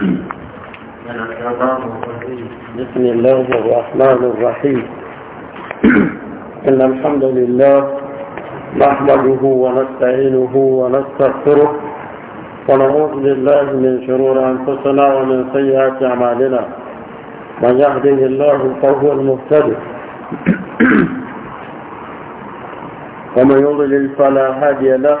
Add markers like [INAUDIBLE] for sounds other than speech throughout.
بسم الله الرحمن الرحيم إن الحمد لله نحمده ونستعينه ونستغفره ونعوذ بالله من شرور أنفسنا ومن سيئات أعمالنا من يهده الله فهو المهتد ومن يضلل فلا هادي له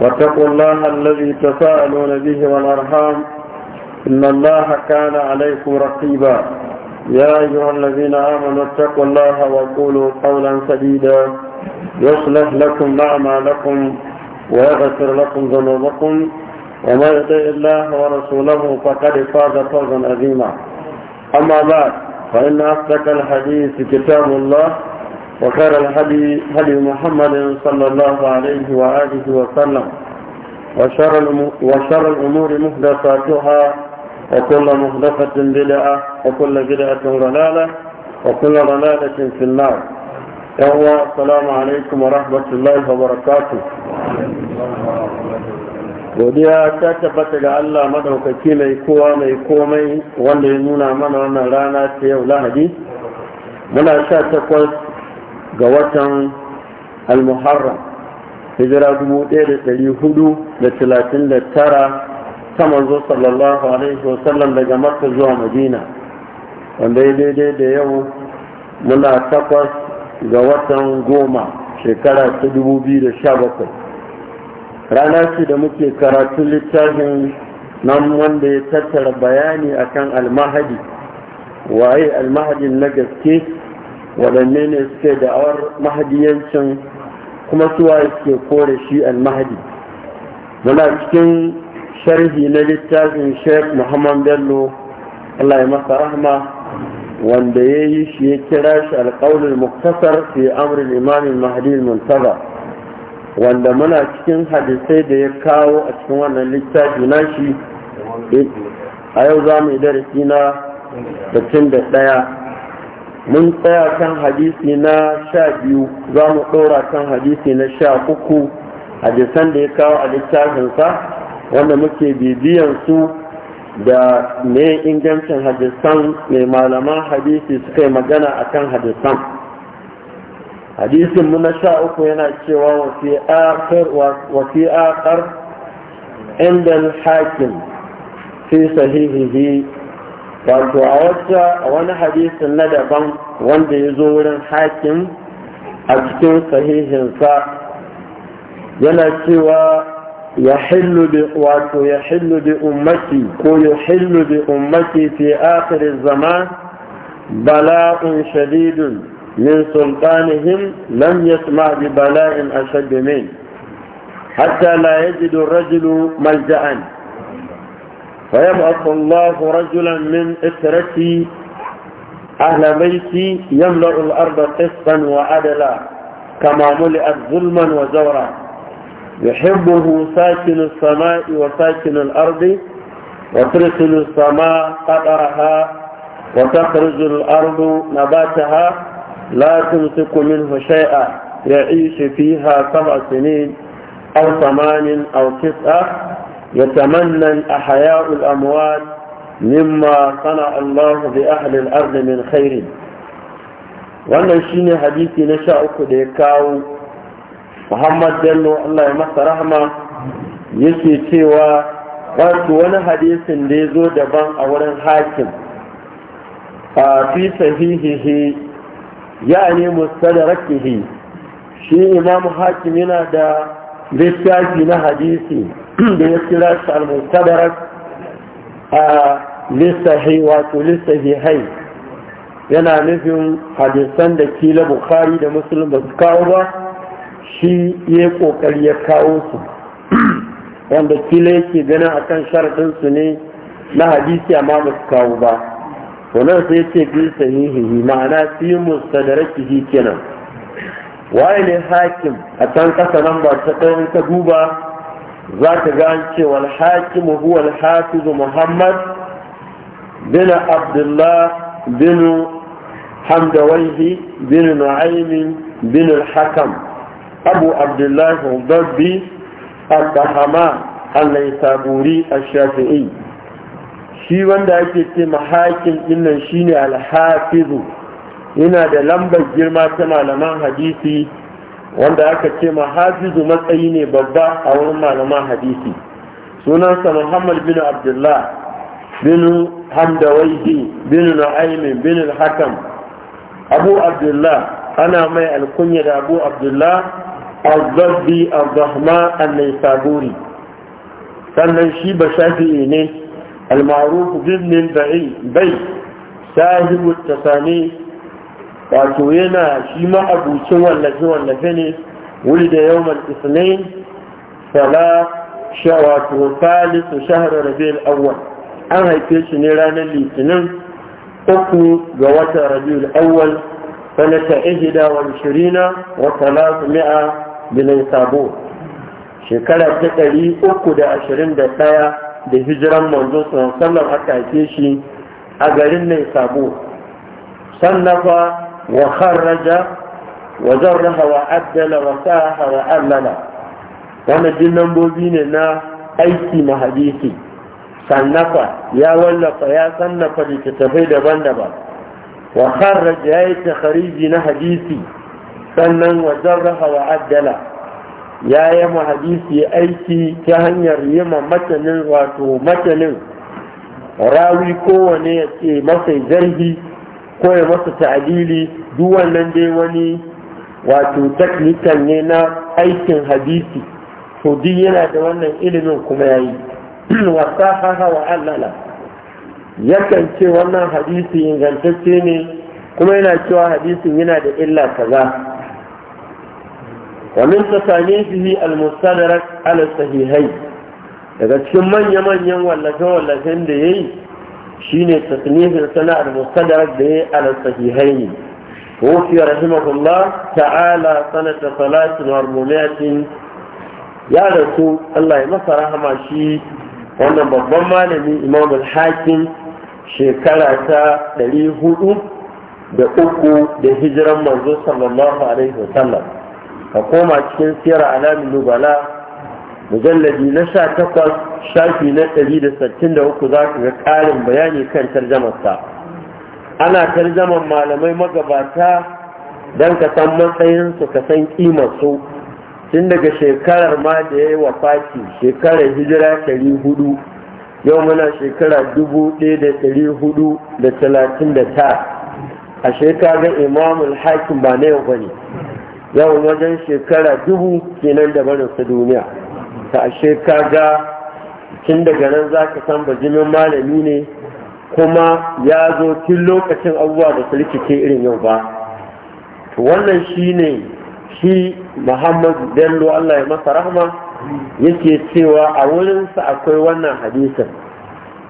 واتقوا الله الذي تساءلون به والأرحام إن الله كان عليكم رقيبا يا أيها الذين آمنوا اتقوا الله وقولوا قولا سديدا يصلح لكم لكم ويغفر لكم ذنوبكم وما يطيع الله ورسوله فقد فاز فوزا عظيما أما بعد فإن أصدق الحديث كتاب الله وخير الهدي هدي محمد صلى الله عليه وآله وسلم وشر, وشر الأمور محدثاتها وكل محدثة بدعة وكل بدعة ضلالة وكل ضلالة في النار السلام عليكم ورحمة الله وبركاته godiya ta tabbata ga Allah يكوى mai kowa mai komai wanda ya nuna mana wannan rana ga watan al-muharram hijira 1439 ta manzo sallallahu alaihi wasallam daga makka zuwa madina wanda ya daidai da yau muna takwas ga watan goma shekara ta 2017 rana ce da muke karatun littafin nan wanda ya tattara bayani akan almahadi waye almahadin na gaske waɗanne ne suke da'awar mahadiyancin kuma suwa suke kore shi al-mahadi muna cikin sharhi na littafin sheikh muhammad bello allah ya masa rahma wanda ya yi shi ya kira shi alƙaunin muktasar fi amrin imamin mahadi muntaza wanda muna cikin hadisai da ya kawo a cikin wannan littafi na shi a yau za mu yi darasi na 61 mun tsaya kan hadisi na sha biyu za mu ɗora kan hadisi na sha uku hadisan da ya kawo a littafinsa wanda muke bibiyan su da me ingancin hadisan mai malaman hadisi suka yi magana a kan hadisan hadisin mu na sha uku yana cewa wafi akar inda hakim fi sahihihi wato a wata a wani hadisin na daban wanda ya zo wurin hakim a cikin sahihinsa yana cewa ya hillu bi wato ya bi ummati ko ya hillu bi ummati fi akhir zaman bala'un shadidun min sultanihim lam yasma bi bala'in ashad min hatta la yajidu rajulu malja'an ويبعث الله رجلا من إسرتي أهل بيتي يملأ الأرض قسطا وعدلا كما ملئت ظلما وزورا يحبه ساكن السماء وساكن الأرض وترسل السماء قطرها وتخرج الأرض نباتها لا تمسك منه شيئا يعيش فيها سبع سنين أو ثمان أو تسعة يتمنى a الأموات مما صنع الله بأهل الأرض من خير wannan shine hadisi na sha uku da ya kawo muhammad bello allah ya masa rahama yake cewa wato wani hadisin da ya zo daban a wurin hakim a fi sahihihi ya ne mustadarakihi shi imamu hakim yana da littafi na hadisi [CLEARS THROAT] da ya kira shi al a lissahi wato lissahi hai yana nufin hadisan da kila bukhari da musulun ba su kawo ba shi ya kokari ya kawo su [CLEARS THROAT] wanda kila yake ganin akan sharaɗin su ne na hadisi amma ba su kawo ba wannan sai ce fi sahihihi ma'ana fi mustadarakihi kenan waye ne hakim a can kasa nan ba ta ɗan ka duba za ta gane cewa Hakim huwa hafizu muhammad bin abdullah bin hamdawaihi bin nu'aymin bin al-hakam abu abdullah al-dabbi al-bahama al-laisaburi al-shafi'i shi wanda yake ce mahakin nan shine al-hafizu yana da lambar girma ta malaman hadisi wanda aka ce ma hafizu matsayi ne babba a wurin malaman hadisi sunansa muhammad bin abdullah bin hamdawaihi bin nu'aymin bin hakam abu abdullah ana mai alkunya da abu abdullah al-zabbi al-zahma al-naisaburi sannan shi ba shafi'i ne al-ma'ruf bin bai sahibu tasani wato yana shi abucin wallafe-wallafe ne wuri da yau isnain sala wato salisu shahar rabiul awwal an haife shi ne ranar litinin uku ga watan rabiul awwal sanata ihida wa shirina wa salatu mi'a bilin sabo shekara ta ɗari uku da ashirin da ɗaya da hijiran manzo sallam aka haife shi a garin mai sabo sannafa وخرج وجرها وعدل وساها وألل wannan duk lambobi ne na aiki na hadisi sannafa ya wallafa ya sannafa littattafai daban-daban wa kharraja ya yi takhariji na hadisi sannan wa jarraha wa addala ya yi ma hadisi aiki ta hanyar yi ma matanin wato matanin rawi kowane ya ce masai zargi ko masa ta'adili duk wannan dai wani wato technical ne na aikin hadisi to duk yana da wannan ilimin kuma yayi [CLEARS THROAT] wa sahaha wa allala yakan ce wannan hadisi ingantacce ne kuma yana cewa hadisin yana da illa kaza wa min tasanihi al-mustadrak ala sahihai daga cikin manya-manyan wallafe-wallafen da yayi shine tasnihin sana'ar mustadrak da ya ala sahihaini وفي رحمه الله تعالى سنة ثلاث Ya rasu, Allah ya يمسى رحمه شيء wannan babban malami imam al-hakim shekara ta ɗari hudu da uku da hijiran manzo sallallahu alaihi sallam. ka koma cikin siyar alamin nubala mujalladi na sha takwas shafi na ɗari da sittin da uku za ku ga ƙarin bayani kan tarjamarsa ana tarjaman malamai magabata don ka san matsayinsu ka san ƙimarsu tun daga shekarar ma da ya yi wa fati shekarar hijira ɗari hudu yau muna shekara dubu ɗaya da ɗari hudu da talatin da ta a shekarar imamul hakim ba na yau ba ne yau wajen shekara dubu kenan da barinsa duniya ta ashe ga tun daga nan za ka san jimin malami ne kuma ya zo tun lokacin abubuwa da su rikice irin yau ba wannan shi ne shi muhammadu bello allah ya masa rahma yake cewa a wurinsa akwai wannan hadisin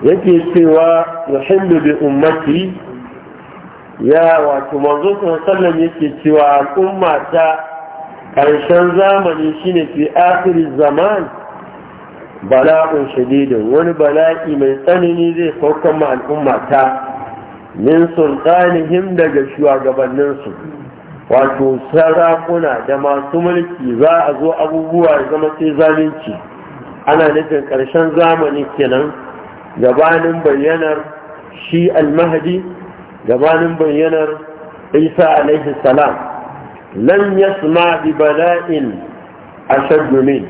yake cewa yuhillu bi ummati ya wato manzo sallallahu yake cewa al'umma ta Karshen zamani shine fi akhir zaman bala'un shadidin wani bala'i mai tsanani zai saukan ma al'umma ta min sultanihim daga shugabanninsu wato sarakuna da masu mulki za a zo abubuwa ya zama sai zalunci ana nufin ƙarshen zamani kenan gabanin bayyanar shi Al-mahdi, al-mahdi gabanin bayyanar isa alaihi salam lam yasma bi bala'in ashaddu min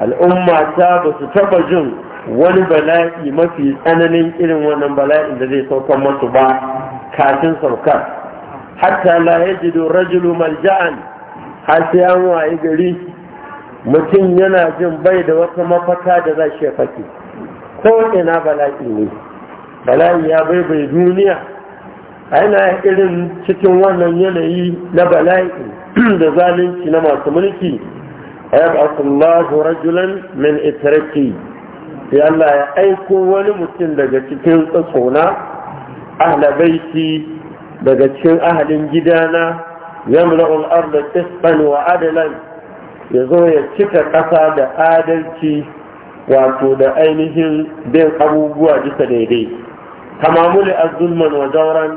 al'umma ta ba su taba jin wani bala'i mafi tsananin irin wannan bala'in da zai saukan masu ba kafin saukar hatta la yajidu rajulu malja'an har sai an waye gari mutum yana jin bai da wata mafaka da za shi ko ina bala'i ne bala'i ya bai bai duniya aina irin cikin wannan yanayi na bala'i [CLEARS THROAT] da zalunci na masu mulki ayyab'atullahu rajulan min itraki sai Allah ya aiko wani mutum daga cikin tsatsona ahla baiti daga cikin ahalin gidana yamla'ul arda tisban wa ya zo ya cika ƙasa da adalci wato da ainihin bin abubuwa duka daidai tamamuli azulman wa jawran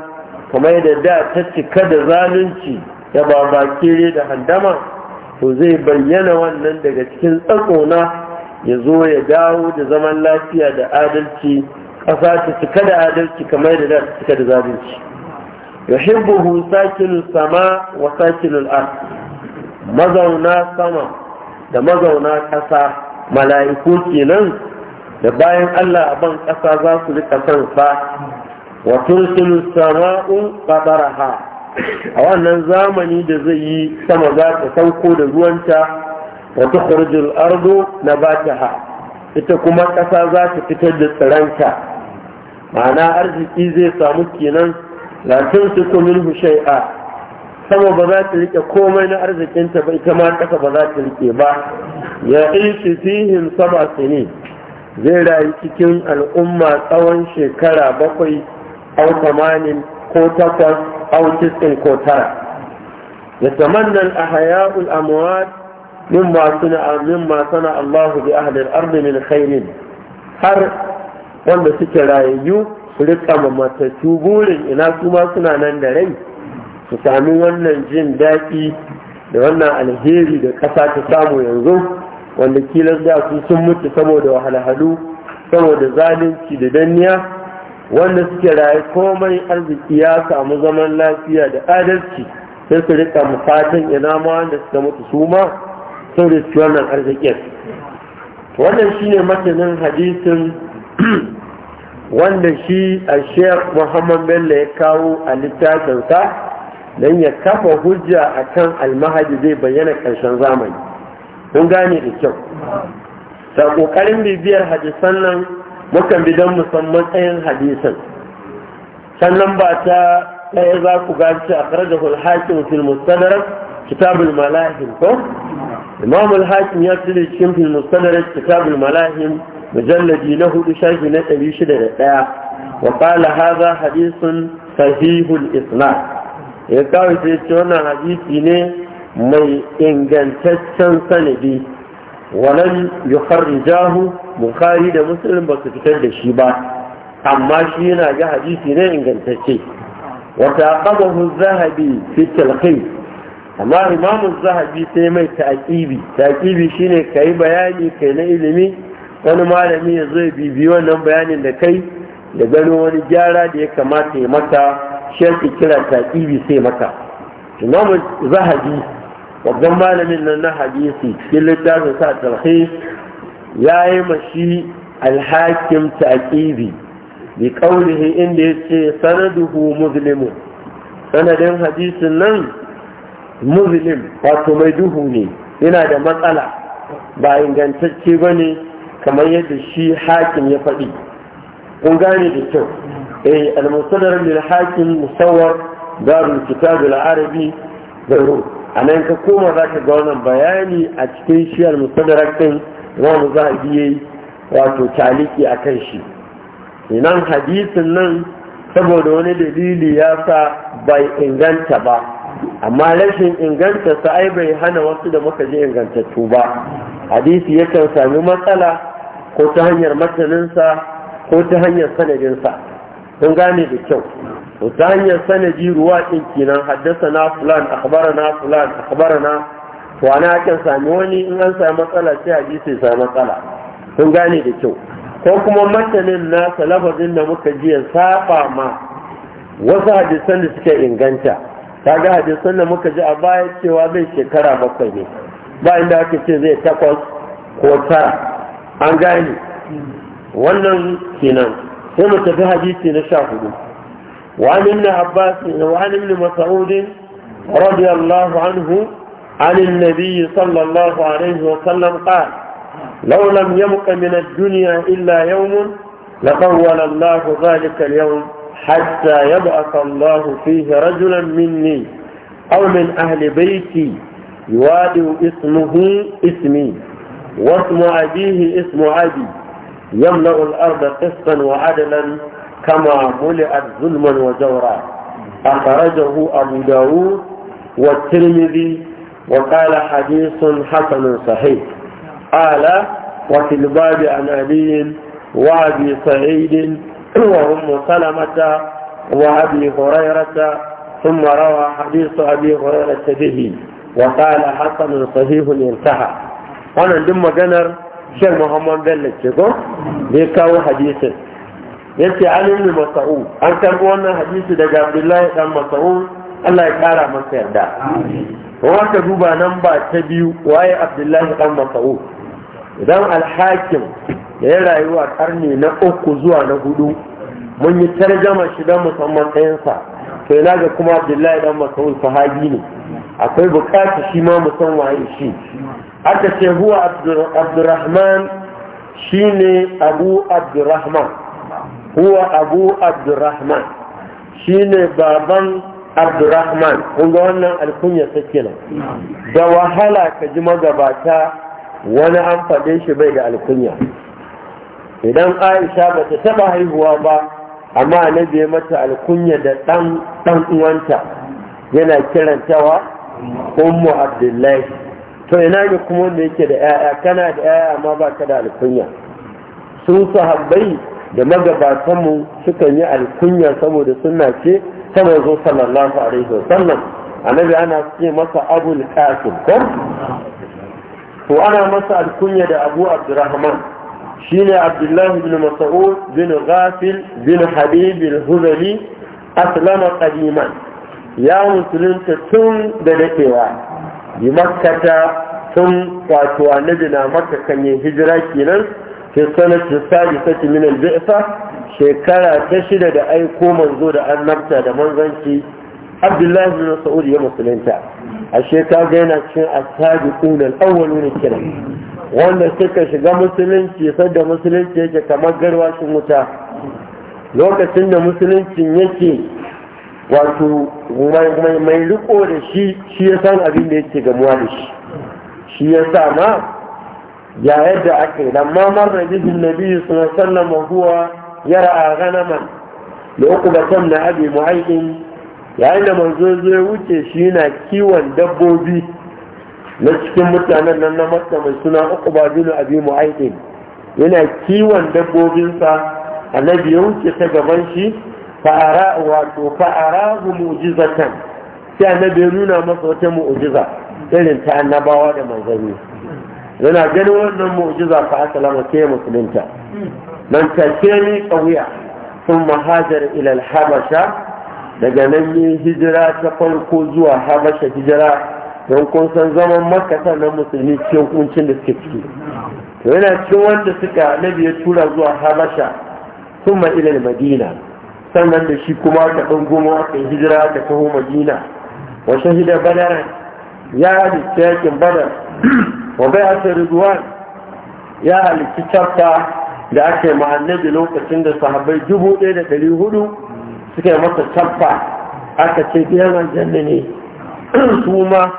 kamar yadda da ta cika da zalunci ya da babakire da handama to zai bayyana wannan daga cikin tsakona ya zo ya dawo da zaman lafiya da adalci ƙasa ta cika da adalci kamar yadda da ta cika da zalunci yuhibbuhu sakinul sama wa sakinul ard mazauna sama da mazauna ƙasa mala'iku kenan da bayan Allah a ban ƙasa za su rika son sa wa tursilu sama'u a wannan zamani da zai yi sama za ta sauko da ruwanta wa tukhrijul ardu nabataha ita kuma ƙasa za ta fitar da tsiranta ma'ana arziki zai samu kenan la tunsiku minhu shay'a sama ba za ta rike komai na arzikinta ba ita ma ƙasa ba za ta rike ba ya ilki fihim sab'a sinin zai rayu cikin al'umma tsawon shekara bakwai au tamanin ko takwas au tisin ko tara ya tamannan a haya'ul amwat mimma suna mimma sana Allahu bi ahlil ardi khairin har wanda suke rayayyu su rika mamatatu burin ina su ma suna nan da rai su sami wannan jin daɗi da wannan alheri da ƙasa ta samu yanzu wanda kilan da su sun mutu saboda wahalhalu saboda zalunci da danniya wanda suke raye komai arziki ya samu zaman lafiya da adalci sai su rika fatan ina ma wanda suka mutu su ma sun riski wannan arzikin wannan shine matanin hadisin [CLEARS THROAT] wanda shi a sheikh muhammad bello ya kawo a littafinsa don ya kafa hujja a kan almahadi zai bayyana ƙarshen zamani kun gane da kyau ta ƙoƙarin bibiyar hadisan nan mukan bi don musamman tsayin hadisan sannan ba ta ɗaya za ku gaci a kharajar hulhakin fil mustadarak kitabul malahim ko imam al-hakim ya tsire cikin fil mustadarak kitabul malahim mujalladi na hudu shafi na ɗari shida da ɗaya wa qala hadha hadithun sahihul isnad ya kawo sai ce wannan hadisi ne mai ingantaccen sanadi walan yukharrijahu bukhari da muslim ba su fitar da shi ba amma shi yana ga hadisi na ingantacce wata qadahu zahabi fi talqin amma imam zahabi sai mai taqibi taqibi shine kai bayani kai na ilimi wani malami ya zo bibi wannan bayanin da kai da gano wani gyara da ya kamata ya maka shi kira taqibi sai maka imam zahabi babban malamin nan na hadisi cikin littafin sa talqin ya yi mashi alhakim taƙibi bi ƙaunihi inda ya ce sanaduhu muslimun sanadin hadisin nan muzlim wato mai duhu ne yana da matsala ba ingantacce ba ne kamar yadda shi hakim ya faɗi kun gane da kyau eh al-musadar lil hakim musawwar darul kitab arabi da a ka koma za ka ga wannan bayani a cikin shi al ɗin. wani za a biye wato taliki a kan shi inan hadisin nan saboda wani dalili ya sa bai inganta ba amma rashin inganta sa ai bai hana wasu da muka je ingantattu ba hadisi yakan sami matsala ko ta hanyar mataninsa ko ta hanyar sanadinsa kun gane da kyau Ko ta hanyar sanadi ruwa ɗin kenan haddasa na fulan akbara na fulan akbara na to ana sami wani in an sami matsala sai a ji sai sami matsala kun gane da kyau ko kuma matanin nasa lafazin da muka ji ya saba ma wasu hadisan da suke inganta Ta ga hadisan da muka ji a baya cewa zai shekara bakwai ne ba inda aka ce zai takwas ko tara an gane wannan kenan sai mu tafi hadisi na sha hudu وعن ابن عباس وعن ابن مسعود رضي الله anhu. عن النبي صلى الله عليه وسلم قال لو لم يبق من الدنيا إلا يوم لطول الله ذلك اليوم حتى يبعث الله فيه رجلا مني أو من أهل بيتي يواد اسمه اسمي واسم أبيه اسم أبي يملأ الأرض قسطا وعدلا كما ملئت ظلما وجورا أخرجه أبو داود والترمذي وقال حديث حسن صحيح قال وفي الباب عن علي وابي سعيد وام سلمة وابي هريرة ثم روى حديث ابي هريرة به وقال حسن صحيح انتهى وانا دم جنر شيخ محمد بن تشيكو بيكاو حديث yace an ibn mas'ud an karbo wannan hadisi daga abdullahi dan mas'ud Allah ya kara masa yarda wanda duba nan ba ta biyu waye abdullahi dan mas'ud idan alhakim da ya rayuwa a karni na uku zuwa na hudu mun yi tarjama shi dan musamman ɗayansa sai naga kuma abdullahi dan mas'ud sahabi ne akwai bukata shi ma musan waye shi aka ce huwa abdurrahman shine abu abdurrahman huwa abu abdurrahman shine baban abdurrahman kun ga wannan alkunya nan da wahala ka ji magabata wani an faɗe shi bai da alkunya idan aisha ba ta taɓa haihuwa ba amma annabi mata alkunya da ɗan ɗan uwanta yana kirantawa ummu abdullahi to ina ne kuma wanda yake da 'ya'ya kana da 'ya'ya amma ba ka da alkunya sun sahabbai da magabatanmu sukan yi alkunya saboda suna ce ta zo sallallahu alaihi wasallam annabi ana ce masa abul qasim ko to ana masa alkunya da abu abdurrahman shine abdullahi bin mas'ud bin ghafil bin habib al-huzali aslama qadiman ya musulunta tun da dadewa bi makkata tun wato annabi na makka kan hijira kenan fi sanata sadisati min al-bi'sa shekara ta shida da aiko manzo da annabta da manzanci abdullahi bin mas'ud ya musulunta a shekara yana cikin as-sabiqun al-awwalun kiran wanda suka shiga musulunci sada musulunci yake kamar garwashin wuta lokacin da musuluncin yake wato mai riko da shi shi ya san abin da yake gamuwa da shi shi ya sa ma ya yadda aka yi lamma marra bihin nabi sallallahu alaihi huwa yara ganaman da uku batan na abi muhaikin yayin da manzo zai wuce shi na kiwon dabbobi na cikin mutanen nan na makka mai suna uku ba bin abi muhaikin yana kiwon dabbobinsa annabi ya wuce ta gaban shi fa'ara wato fa'ara mu'jizatan sai annabi ya nuna masa wata mu'jiza irin ta annabawa da manzanni yana ganin wannan mu'jiza fa lama ke musulunta nan ni ne kawiya sun mahajar ilal habasha daga nan yi hijira ta farko zuwa habasha hijira don kun san zaman makka na musulmi cikin kuncin da suke ciki to yana cikin wanda suka nabi ya tura zuwa habasha sun ma ilal madina sannan da shi kuma ta dungumo aka hijira ta taho madina wa shahida badaran ya halitta yakin badar wa bai hasa ya halitta chapter da ake ma lokacin da sahabai dubu ɗaya da ɗari hudu suka yi masa chapter aka ce biyan aljanna ne su ma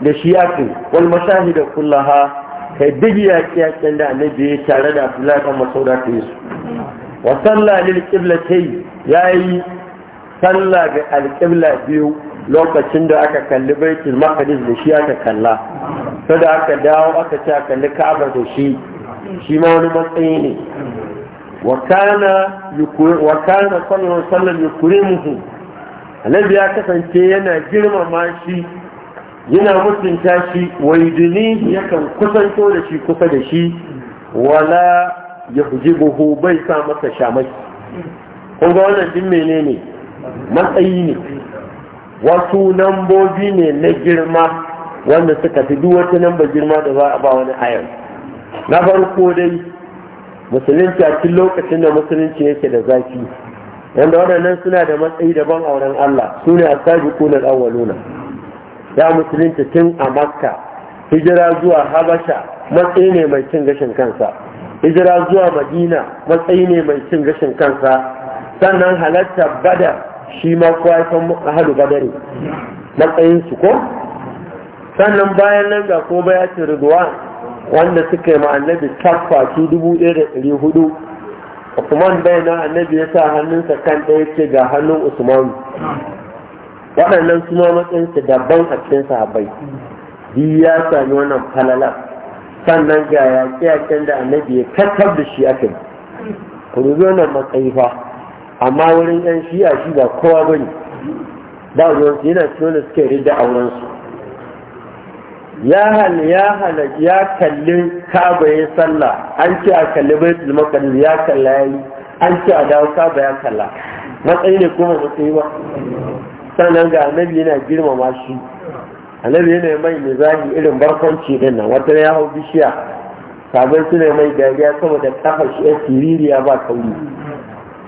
da shi yaƙi wal da kullaha kai duk yaƙi yaƙin da annabi ya tare da abdullahi ɗan masauda ta yi su wa sallah lil ya yayi sallah ga alƙibla biyu lokacin da aka kalli baitul maqdis da shi aka kalla sai aka dawo aka ci aka kalli ka'aba da shi shi ma wani matsayi ne wa kana wa kana sallallahu alaihi wasallam yukrimuhu annabi ya kasance yana girmama shi yana mutunta shi wa yudini yakan kusanto da shi kusa da shi wala yahjibuhu bai sa masa shamaki kun ga wannan din menene matsayi ne wasu lambobi ne na girma wanda suka fi duk wata namba girma da za a ba wani ayan na farko dai musulunci a cikin lokacin da musulunci yake da zafi wanda waɗannan suna da matsayi daban a wurin Allah su ne a sabi kunan awaluna ya musulunci tun a makka hijira zuwa habasha matsayi ne mai cin gashin kansa hijira zuwa madina matsayi ne mai cin gashin kansa sannan halartar badar shi ma kowa ya san ahalu badari matsayin su ko sannan bayan nan ga ko ce ridwan wanda suka yi annabi tafaki dubu ɗaya da ɗari hudu usman bai na annabi ya sa hannunsa kan ɗaya ce ga hannun usman waɗannan su ma matsayinsu daban a cikin sahabbai biyu ya sami wannan falala sannan ga a yaƙen da annabi ya kakar da shi kai ku rubi wannan matsayi fa amma wurin yan shi'a shi ba kowa ba ne ba ruwansu yana cikin wanda suke yi da aurensu ya hal ya hal ya kalli kaba ya sallah an ce a kalli bai baitul maqdis ya kalla ya yayi an ce a dawo kaba ya kalla matsayi ne kuma matsayi ba sannan ga annabi yana girmama shi annabi yana mai mizahi irin barkwanci din nan wata ya hau bishiya sabon suna mai dariya saboda kafa shi ya siririya ba kauri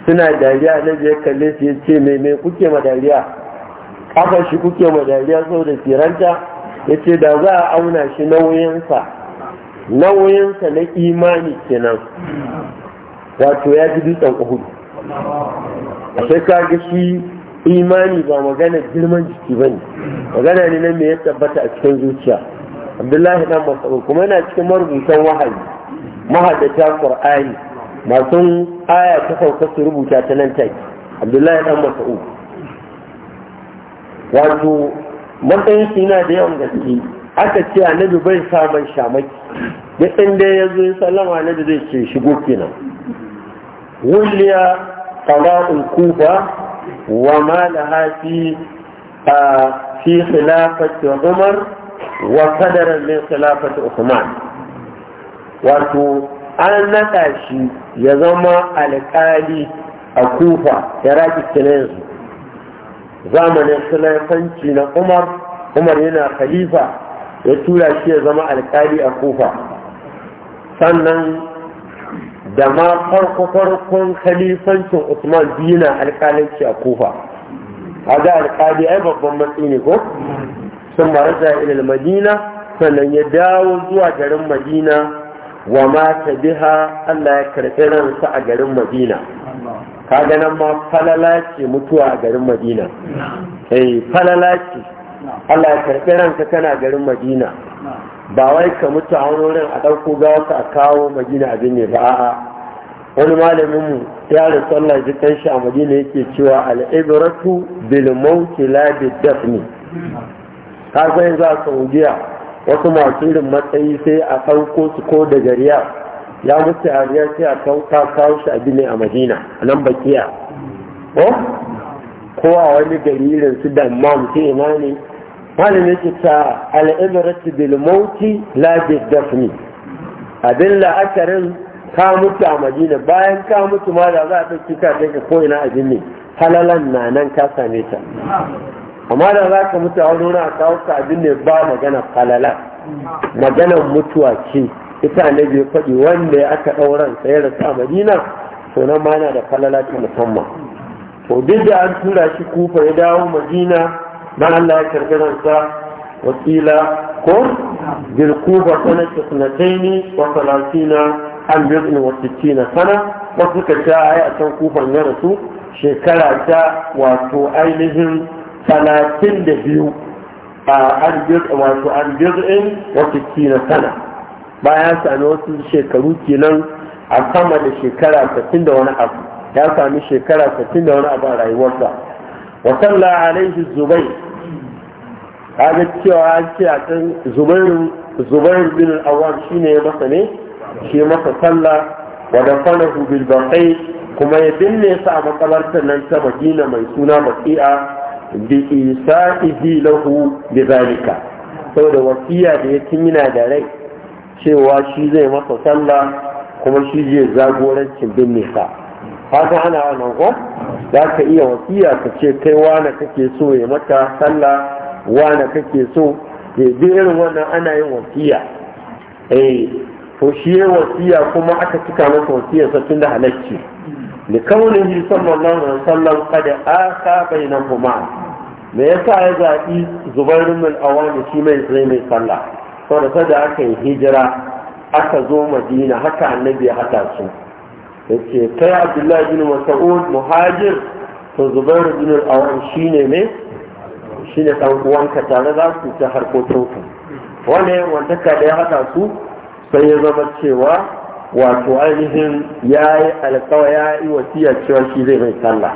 suna dariya na zai kalle su yace mai mai kuke ma dariya kafa shi kuke ma dariya saboda siranta ya ce da za a auna shi nauyinsa nauyinsa na imani kenan wato ya ji dutsen uhudu a sai ga shi imani ba magana girman jiki ba ne magana ne na me ya tabbata a cikin zuciya abdullahi dan mas'ud kuma yana cikin marubutan wahayi mahaddata qur'ani masu aya ta sauka su rubuta ta nan take abdullahi dan mas'ud wato matsayin su yana da yawan gaske aka ce annabi bai saman shamaki duk inda ya zo ya sallama annabi zai ce shigo kenan wuliya qada'ul kufa wa ma da hafi a fi khilafati umar wa kadarar min khilafati usman wato an naɗa shi ya zama alƙali a kufa ya raƙi yanzu zamanin sulafanci na umar umar yana khalifa ya tura shi ya zama alƙali a kufa sannan da ma farko-farkon khalifancin usman biyu na alƙalanci a kufa a ga alƙali ai babban matsi ne ko sun maraja ilil madina sannan ya dawo zuwa garin madina wa mata biha Allah ya karɓi ransa a garin Madina kaga nan ma falala ce mutuwa a garin Madina eh falala ce Allah ya karɓi ranka kana garin Madina ba wai ka mutu a wani wurin a ɗauko ga wasu a kawo Madina abin ne ba a'a wani malamin mu ya rasu Allah ji kanshi a Madina yake cewa al-ibratu bil mawt la bid dafni ka yanzu a Saudiya wasu masu irin matsayi sai a ɗauko su ko da gariya ya mutu a riyar sai a ɗauka kawo shi a bine a madina a nan bakiya ko a wani gari irin su dammam sai ina ne malamin ke ta al'imirati bil mauti la dafni abin la'akarin ka mutu a madina bayan ka mutu ma da za a ɗauki ka ka ko ina a binne halalan na nan ka same ta amma da za ka mutu a wani wani a kawo ka abin da ba magana falala maganar mutuwa ce ita ne bai faɗi wanda ya aka ɗauran sai ya rasa a madina to nan ma yana da falala ta musamman to duk da an tura shi kufa ya dawo madina na Allah ya karɓi ransa wakila ko bil kufa sanata sanataini wa salatina an bizin wa sittina sana wasu ka ta a can kufan ya rasu shekara ta wato ainihin talatin da biyu a wato an bir'in wata kina sana bayan sami wasu shekaru kenan a sama da shekara sittin da wani abu ya sami shekara sittin da wani abu a rayuwarsa Wasan sallah alaihi zubai kaga cewa an ce a kan zubairu zubairu bin awam ne ya masa ne shi masa sallah wa dafanahu bil baqi kuma ya binne sa a makabartar nan ta Madina mai suna Baqi'a bi'isa'ihi lahu bi zalika saboda wasiya da ya tina da rai cewa shi zai masa sallah kuma shi zai zagorancin bin nisa haka ana nan ko za ka iya wasiya ka ce kai wane kake so ya mata sallah wane kake so ya bi irin wannan ana yin wasiya eh to shi ya wasiya kuma aka cika masa wasiyarsa tun da halacci da kaunin sallallahu alaihi wasallam kada aka kuma. me yasa ya zaɓi rumin min awami shi mai tsaye mai sallah saboda kada aka yi hijira aka zo madina haka annabi ya hata su yace kai abdullahi bin mas'ud muhajir to zubairu bin awam shine ne ne dan uwanka tare za su ta harkokin ku Wani wanda ka da ya hada su sai ya zama cewa wato ainihin yayi ya yi wasiya cewa shi zai mai sallah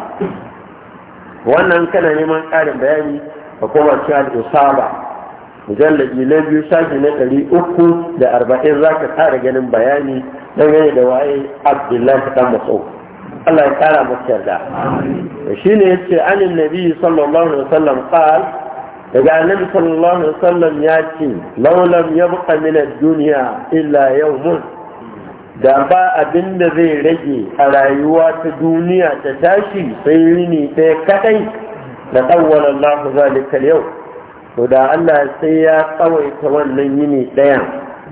wannan kana neman ƙarin bayani a kuma cewa usaba mujallabi na biyu sashi na ɗari uku da arba'in za ka ƙara ganin bayani don dangane da waye abdullahi dan mas'ud Allah ya ƙara masa yarda shi ne ya ce anin nabi sallallahu alaihi wasallam qal daga annabi sallallahu alaihi wasallam ya ce laulam ya buƙa ad duniya illa yau mun. da ba abin da zai rage a rayuwa ta duniya ta tashi sai rini ɗaya kadai da tsawon Allah zalika yau to da Allah sai ya tsawaita wannan yini ɗayan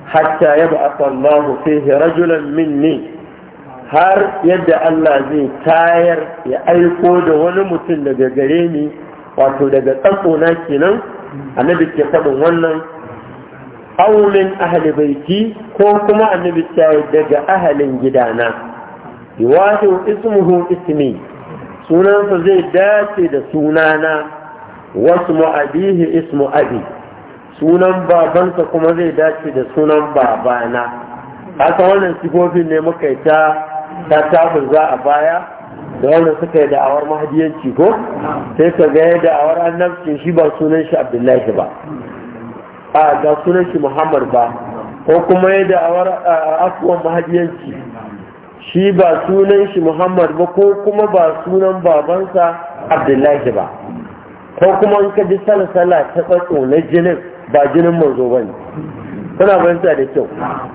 hatta ya ba Allah fihi rajulan minni har yadda Allah zai tayar ya aiko da wani mutum daga gare ni wato daga tsatsona kenan annabi ke faɗin wannan aumin ahali baiti ko kuma annabi ta daga ahalin gidana yuwahiu ismuhu ismi sunansa zai dace da sunana wasu ma'abihi ismu abi sunan babansa kuma zai dace da sunan babana haka wannan sifofin ne muka yi ta tafin za a baya da wannan suka yi awar mahadiyanci ko sai ka ga da'awar annabcin shi ba sunan shi abdullahi ba a ga sunan shi muhammad ba ko kuma ya a afuwan mahajiyanci shi ba sunan shi muhammad ba ko kuma ba sunan babansa abdullahi ba ko kuma in ka ji salasala ta tsatso na jinin ba jinin manzo ba ne kuna fahimta da kyau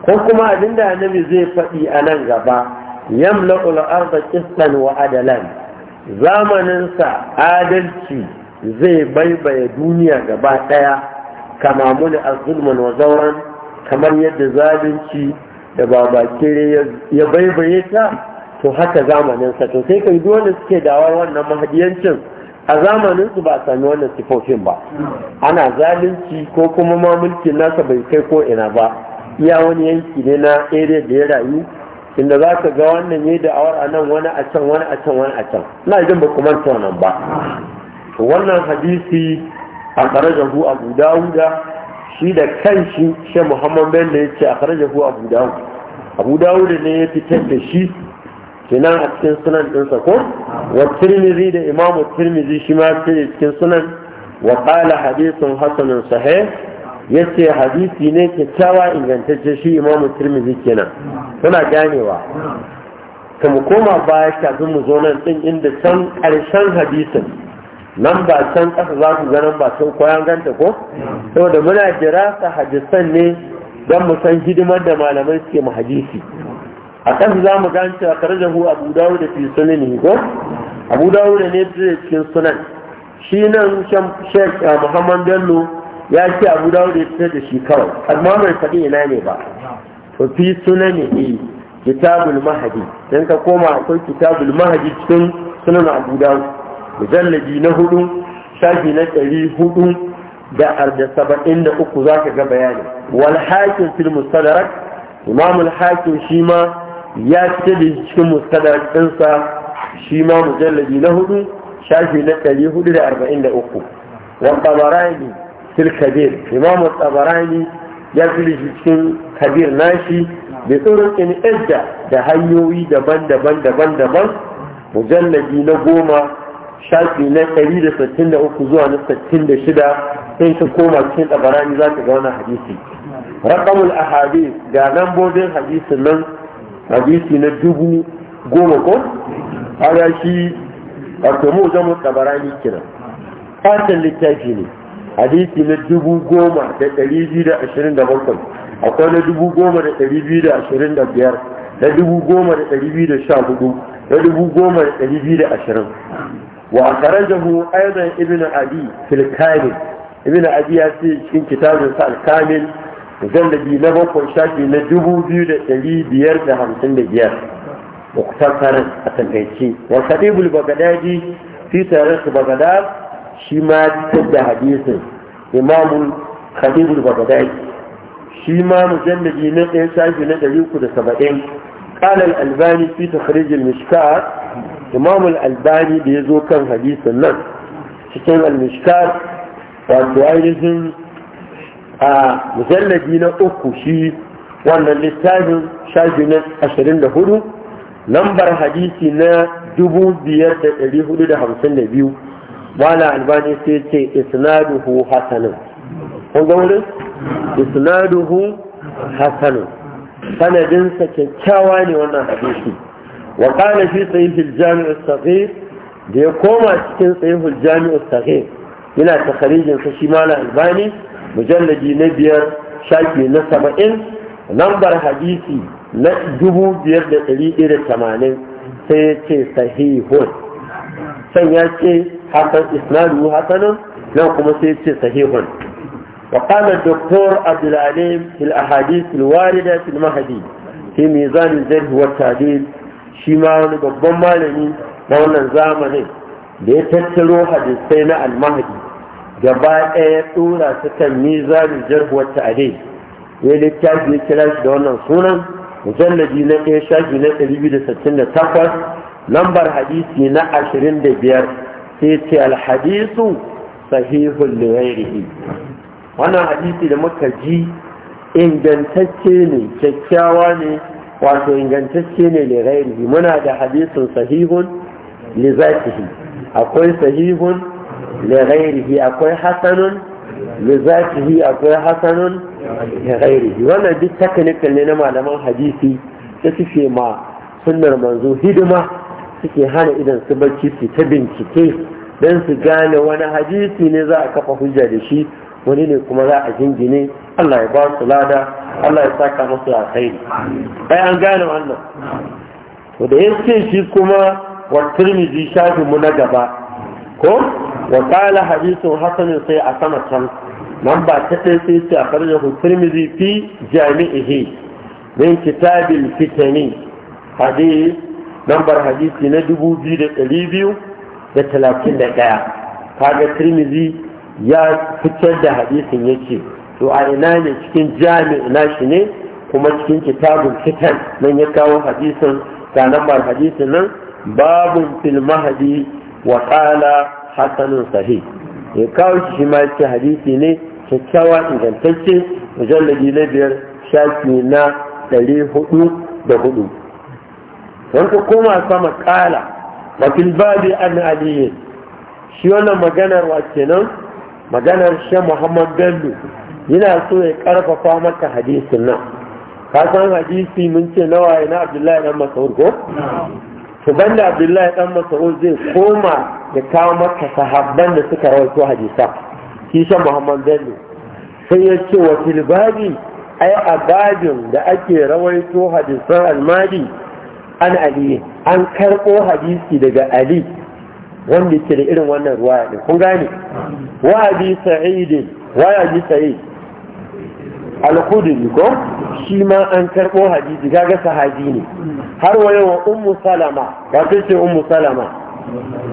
ko kuma abin abinda annabi zai faɗi a nan gaba yamla'ul arda qistan wa adalan zamaninsa adalci zai baibaye duniya gaba ɗaya kama muni a zulman wa kamar yadda zalunci da babakire ya baibaye ta to haka zamaninsa to sai kai wanda suke dawar wannan mahadiyancin a zamaninsu ba a sami wannan sifofin ba ana zalunci ko kuma ma mulki nasa bai kai ko ina ba iya wani yanki ne na area da ya rayu inda za ka ga wannan ya da'awar a nan wani a can wani a can wani a can na idan ba kuma ta wannan ba wannan hadisi akhrajahu abu Dawuda shi da kanshi shi muhammad bin da yace akhrajahu abu dawud abu dawud ne ya fitar da shi kenan a cikin sunan ɗinsa ko wa tirmizi da imamu tirmizi shi ma ce cikin sunan wa qala hadithun hasanun ya yace hadisi ne kyakkyawa ingantacce shi imamu tirmizi kenan suna ganewa ka mu koma baya kafin mu zo nan din inda can ƙarshen hadisin nan ba can ƙasa za su ga ba sun koyan ganta ko saboda muna jira sa hadisan ne don mu san hidimar da malamai suke mu hadisi a ƙasa za mu gane cewa karjahu abu dawo da fi sunan ko abu da ne da cikin sunan shi nan shek muhammad bello ya ce abu dawo ya fi da shi kawai amma mai faɗi ina ne ba to fi sunan ne kitabul mahadi dan ka koma akwai kitabul mahadi cikin sunan abu dawo. mujalladi na hudu shafi na ɗari hudu da arda saba'in da uku za ka ga bayani wal hakim fil mustadrak imam al hakim shi ma ya fita da cikin mustadrak ɗinsa shi ma mujalladi na hudu shafi na ɗari hudu da arba'in da uku wa tabarani fil kabir imam tabarani ya fi da cikin kabir nashi da tsoron in da hanyoyi daban-daban daban-daban mujalladi na goma shafi na 163 zuwa na 66 sai ka koma cikin tabarani za ka ga wani hadisi raƙamul ahadi ga lambobin hadisi nan hadisi na dubu goma ko a shi a tomo zama tabarani kira fatan littafi ne hadisi na dubu goma da ɗari biyu da ashirin da bakwai akwai na dubu goma da ɗari biyu da ashirin da biyar na dubu goma da ɗari biyu da sha hudu na dubu goma da ɗari biyu da ashirin وأخرجه أيضا ابن أبي في الكامل ابن أبي يأتي في كتاب الكامل مجلد نبوك وشاكي نجبو بيودة تلي بيار لهمسن بيار مختصرا أتنبيتي والخطيب البغدادي في تاريخ بغداد شما تد حديث إمام الخطيب البغدادي شما مجلد نبوك وشاكي نجبو بيودة قال الألباني في تخريج المشكات imam al-albani da ya zo kan hadisin nan cikin al-mishkat wato ainihin a mujallabi na uku shi wannan littafin shafi na ashirin da hudu lambar hadisi na dubu biyar da ɗari hudu da hamsin da biyu albani sai ce isnaduhu hasanun kun ga wurin isnaduhu hasanun sanadinsa kyakkyawa ne wannan hadisi wa qala fi sahih al-jami' da ya koma cikin sahih al-jami' as-saghir yana takharijin sa shi malam albani mujalladi na biyar shaki na saba'in lambar hadisi na dubu biyar da ɗari ɗaya da tamanin sai ya ce sahihun san ya ce hasan isnadu hasanun nan kuma sai ya ce sahihun وقال الدكتور عبد العليم في الأحاديث الواردة في المهدي في ميزان الجرح والتعديل shi ma wani babban malami na wannan zamanin da ya tattaro hadisai na almahadi gaba ɗaya ɗora su kan mizanin jarhuwar ta'adai ya littafi ya kira shi da wannan sunan mujalladi na ɗaya shafi na ɗari biyu da sittin da takwas lambar hadisi na ashirin da biyar sai ce alhadisu sahihun liwairihi wannan hadisi da muka ji ingantacce ne kyakkyawa ne wato ingantacce ne li ghairihi muna da hadisin sahihun li zatihi akwai sahihun li ghairihi akwai hasanun li zatihi akwai hasanun li ghairihi wannan duk technical ne na malaman hadisi da suke ma sunnar manzo hidima suke hana idan su barci su ta bincike don su gane wani hadisi ne za a kafa hujja da shi wani ne kuma za a jingine Allah ya ba su lada Allah ya saka masu alkhairi ai an gane wannan to da yake shi kuma wa tirmidhi shafi mu na gaba ko wa qala hadithun hasan sai a sama can nan ba ta ɗaya sai ce a farjahu tirmidhi fi jami'ihi min kitabil fitani hadith hadisi na dubu biyu da ɗari biyu da talatin da ɗaya kaga tirmizi ya fitar da hadisin ya ce to a ina ne cikin jami'i na shi ne kuma cikin kitabun fitan nan ya kawo hadisin sanamar hadisin nan babun fil mahadi wa ƙala hasanun Sahi, ya kawo shi ma ce hadisi ne kyakkyawa ingantacce mujalladi na biyar shafi na ɗari hudu da hudu wanda kuma koma sama kala mafil babi an aliyin shi wannan maganar wa kenan maganar shi muhammad bello yana so ya karfafa maka hadisin nan ka san hadisi mun ce nawa na abdullahi dan mas'ud ko to banda abdullahi dan mas'ud zai koma da kawo maka sahabban da suka rawaito hadisa shi shi muhammad bello sai ya ce wa filbabi ai a babin da ake rawaito hadisan almadi an ali an karɓo hadisi daga ali wanda yake da irin wannan ruwaya ne kun gane wa abi sa'id wa abi sa'id al ko shi ma an karbo hadisi kaga sahabi ne har wa yau ummu salama ba ta ce ummu salama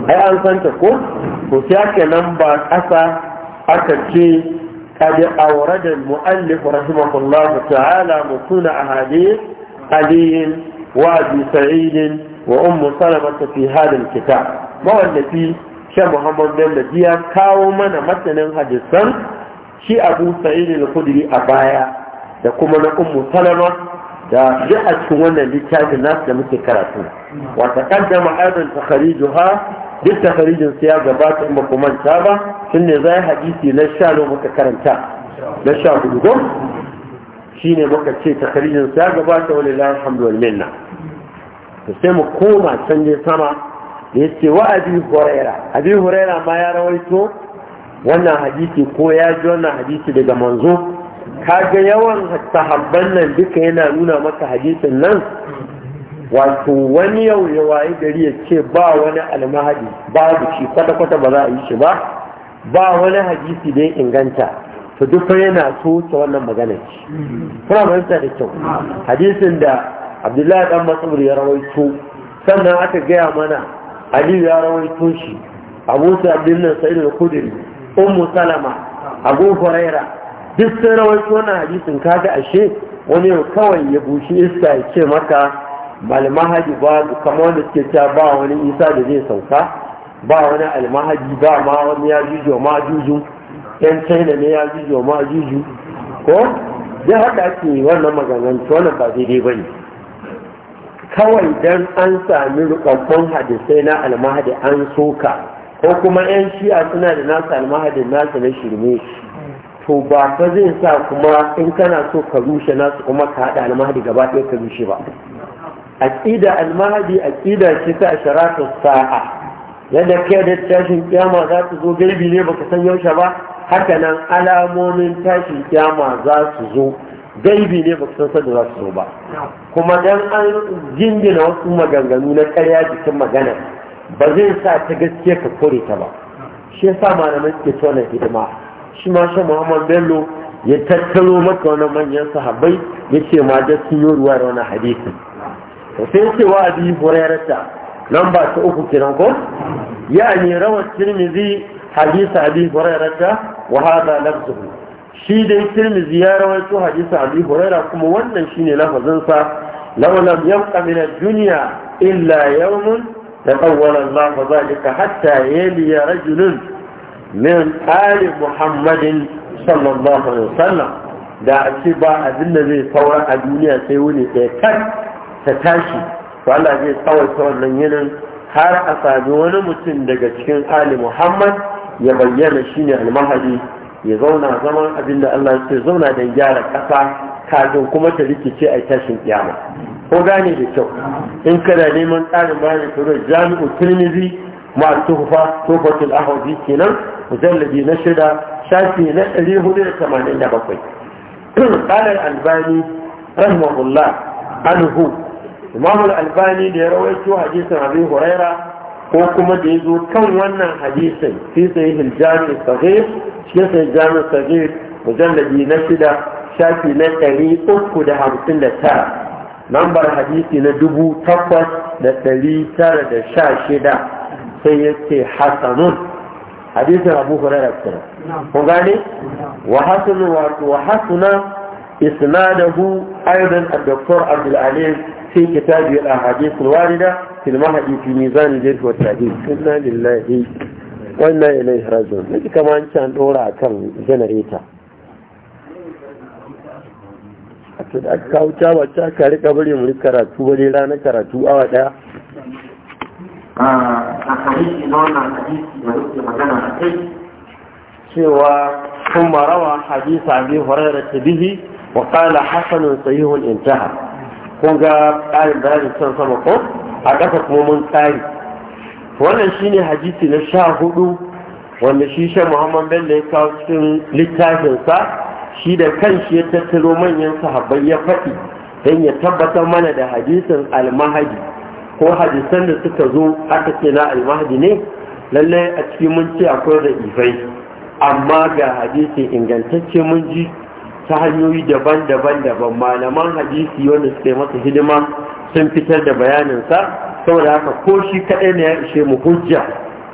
ai an santa ko to sai ake nan ba kasa aka ce قد أورد المؤلف رحمه الله تعالى متون أحاديث علي وأبي سعيد وأم سلمة في هذا الكتاب mawallafi shan muhammad bello ya kawo mana matsanin hadisan shi abu sa'id al-khudri a baya da kuma na ummu salama da duk a cikin wannan littafin nasu da muke karatu wa taqaddama aidan takharijuha duk takharijin ya gabata in ba manta ba tun ne zai hadisi na sha lo muka karanta na sha hudu shine muka ce takharijin ya gabata wani alhamdu wal minna sai mu koma can sama da ya wa abi huraira abi huraira ma ya rawaito wannan hadisi ko ya ji wannan hadisi daga manzo kaga yawan sahabban nan duka yana nuna maka hadisin nan wato wani yau ya waye gari ya ce ba wani almahadi babu shi kwata-kwata ba za a yi shi ba ba wani hadisi da ya inganta to duka yana so ta wannan magana ce kuna fahimta da kyau hadisin da abdullahi dan mas'ud ya rawaito sannan aka gaya mana aliyu ya rawar shi abu sa'adin nan sa'id al kudin, ummu salama abu huraira duk sun rawaito wannan hadisin kaga ashe wani yau kawai ya bushi iska ya ce maka malmahadi ba kamar wanda suke cewa ba wani isa da zai sauka ba wani almahadi ba ma wani ya juju ma juju yan china ne ya juju ma juju ko Zai haka ake wannan maganganci wannan ba daidai ba ne kawai dan an sami rubabban hadisai na almahadi an soka ko kuma yan shi'a suna da nasu almahadi nasu na shirme to ba ka zai sa kuma in kana so ka rushe nasu kuma ka haɗa almahadi gaba ɗaya ka rushe ba aqida almahadi aqida ce ta sharatu sa'a yadda kai da tashin kiyama za su zo galibi ne baka san yaushe ba haka nan alamomin tashin kiyama za su zo gaibi ne ba san sanda za su zo ba kuma dan an jingina wasu maganganu na karya jikin magana ba zai sa ta gaske ka kore ta ba shi yasa malamai suke tona hidima shi ma shi muhammad bello ya tattaro maka wani manyan sahabai ya ce ma da sun yi ruwa da wani hadisi to sai ce wa abi hurairata lamba ta uku kiran ko ya ne rawar tirmidhi hadisi abi hurairata wa hada lafzuhu shi dai tirmizi ya rawaito hadisi abi huraira kuma wannan shine lafazin sa law lam yabqa min ad-dunya illa yawmun tatawwala Allah zalika hatta yali rajulun min ali muhammadin sallallahu alaihi wasallam da a ce ba abin da zai saura a duniya sai wuni ɗaya kan ta tashi to Allah zai tsawaita wannan yinin har a sami wani mutum daga cikin ali muhammad ya bayyana shine almahadi ya zauna zaman abin da Allah ya zauna don gyara ƙasa kafin kuma ta rikice a tashin kiyama ko gane da kyau in kana neman tsarin bayan turo jami'u tirmizi ma tuhfa tuhfatul ahwazi kenan mujallabi na shida shafi na 487 قال الألباني رحمه الله عنه إمام الألباني لرويته حديث أبي هريرة ko kuma da ya zo kan wannan hadisin fi sai jami sahih cikin sai jami sahih mujallabi na shida shafi na ɗari uku da hamsin da tara lambar hadisi na dubu takwas da ɗari tara da sha shida sai ya ce hasanun hadisin abu hurairar kira kun gane wa hasanu wato wa hasuna إسناده أيضا الدكتور عبد العليم في كتابه الأحاديث الواردة في المهدي في ميزان الجرح والتعديل إنا لله وإنا إليه راجعون نجي كمان كان دورا كان جنريتا da aka kawo cawa ta kare kabari mu karatu wani ranar karatu awa daya a hadisi na wannan da muke magana a kai cewa kun marawa hadisa bi horar da bihi wa qala hasanun sahihun intaha kun ga tsarin bayanin can sama ko a ƙasa kuma mun tsari wannan shine hadisi na sha hudu wanda shi shan muhammad bello ya kawo cikin littafinsa shi da kanshi ya tattaro manyan sahabbai ya faɗi don ya tabbatar mana da hadisin almahadi ko hadisan da suka zo aka ce na almahadi ne lallai a ciki mun ce akwai da ifai amma ga hadisi ingantacce mun ji ta hanyoyi daban-daban daban malaman hadisi wanda suka masa hidima sun fitar da bayaninsa saboda haka ko shi kaɗai ne ya ishe mu hujja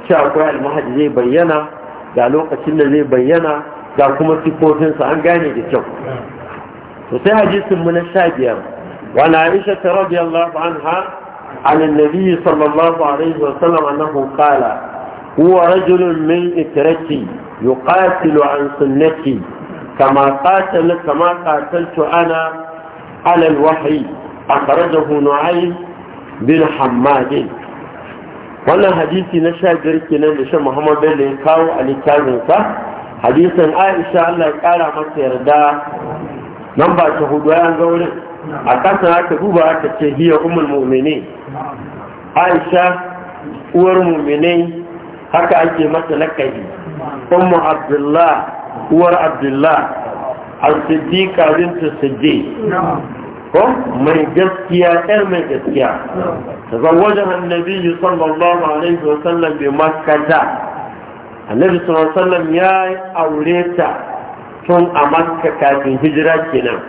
shi akwai almahadi zai bayyana ga lokacin da zai bayyana ga kuma sifofinsa an gane da kyau to sai hadisin mu na sha biyar wa na aisha ta radiyallahu anha عن النبي صلى الله عليه وسلم أنه قال هو رجل من إترتي يقاتل an سنتي kama qatal kama qataltu ana ala alwahyi akhrajahu nu'aym bin hammad wannan hadisi na sha biyar kenan da shan muhammad bello ya kawo a littafinsa hadisin aisha allah ya kara masa yarda nan ba ta hudu ya ga wurin a kasan aka duba aka ce hiya umul mu'mini aisha uwar mu'minai haka ake mata lakabi ummu abdullah uwar abdullah al-siddiqa bintu siddiq ko mai gaskiya ɗan mai gaskiya tazawwajaha annabi sallallahu alaihi wa sallam bi makkata annabi sallallahu alaihi wa sallam ya aure ta tun a makka kafin hijira kenan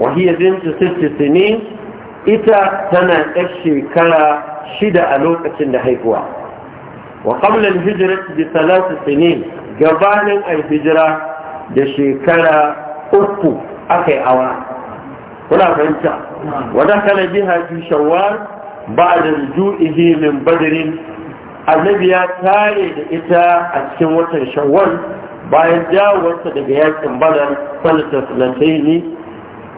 wa hiya bintu sitti sinin ita tana ɗan shekara shida a lokacin da haihuwa wa qabla hijira hijrati bi thalath sinin gabanin al hijira. da shekara uku aka yi awa kuna fahimta wadda kana biya fi shawar ba da ju'ihi min badirin annabi ya tare da ita a cikin watan shawar bayan dawowarsa daga yakin badar sanata sanataini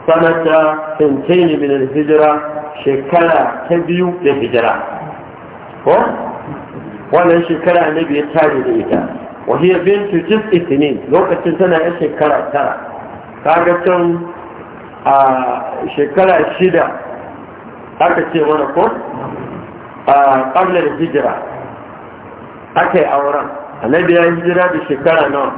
sanata sanataini min hijira shekara ta biyu da hijira ko wannan shekara annabi ya tare da ita wahiyar bintu jis itinin lokacin tana yan shekara tara kaga can a shekara shida aka ce wani ko a ƙallar hijira aka yi auren annabi ya hijira da shekara nawa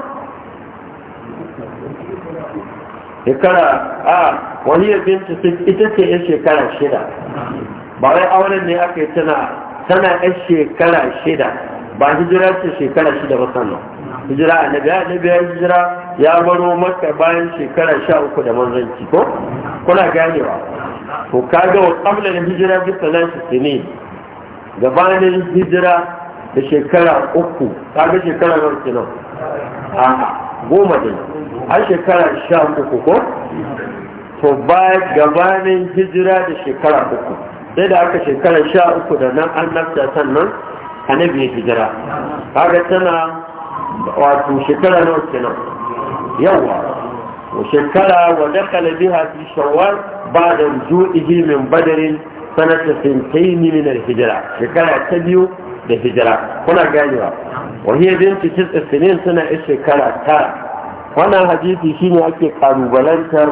shekara a wahiyar bintu ita ce yan shekara shida ba wai auren ne aka yi tana yan shekara shida ba hijira ce shekara shida ba sannan hijira na biya ya hijira ya baro maka bayan shekara sha uku da manzanci ko kuna ganewa to kaga wa qabla da hijira bi salati da gabanin hijira da shekara uku kaga shekara nawa kenan a goma ne a shekara sha uku ko to ba gabanin hijira da shekara uku sai da aka shekara sha uku da nan an nafta sannan annabi ya hijira kaga tana wato shekara nawa kenan yawa wa shekara wa dakala biha fi shawwal ba'da rujuihi min badrin sanata sintain min al-hijra shekara ta biyu da hijira kuna ganewa wa hiya binti tis'a sinin tana shekara tara wannan hadisi shine ake kalubalantar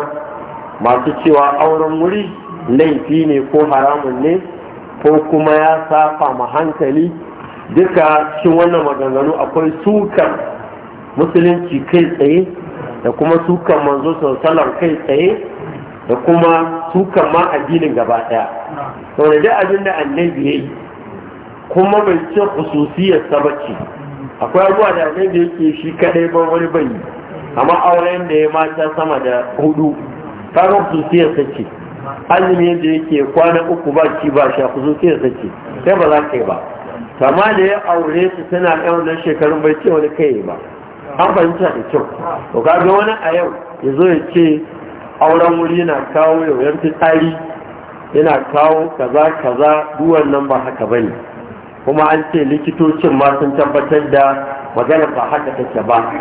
masu cewa auren wuri laifi ne ko haramun ne ko kuma ya safa ma hankali duka cikin wannan maganganu akwai sukan musulunci kai tsaye da kuma sukan manzo sallam kai tsaye da kuma sukan ma addinin gaba daya saboda duk abin da annabi yayi kuma mai ce khususiyar sabaci akwai abuwa da annabi yake shi kadai ban wani bai amma auren da ya mata sama da hudu kaga khususiyar sace azumi da yake kwana uku ba ci ba shi khususiyar sace sai ba za ka yi ba kama da ya aure su tana yawan nan shekarun bai ce wani kai ba an fahimta da kyau to kaga wani a yau ya zo ya ce auren wuri yana kawo yauyar fitsari yana kawo kaza kaza duwan nan ba haka bane kuma an ce likitocin ma sun tabbatar da magana ba haka take ba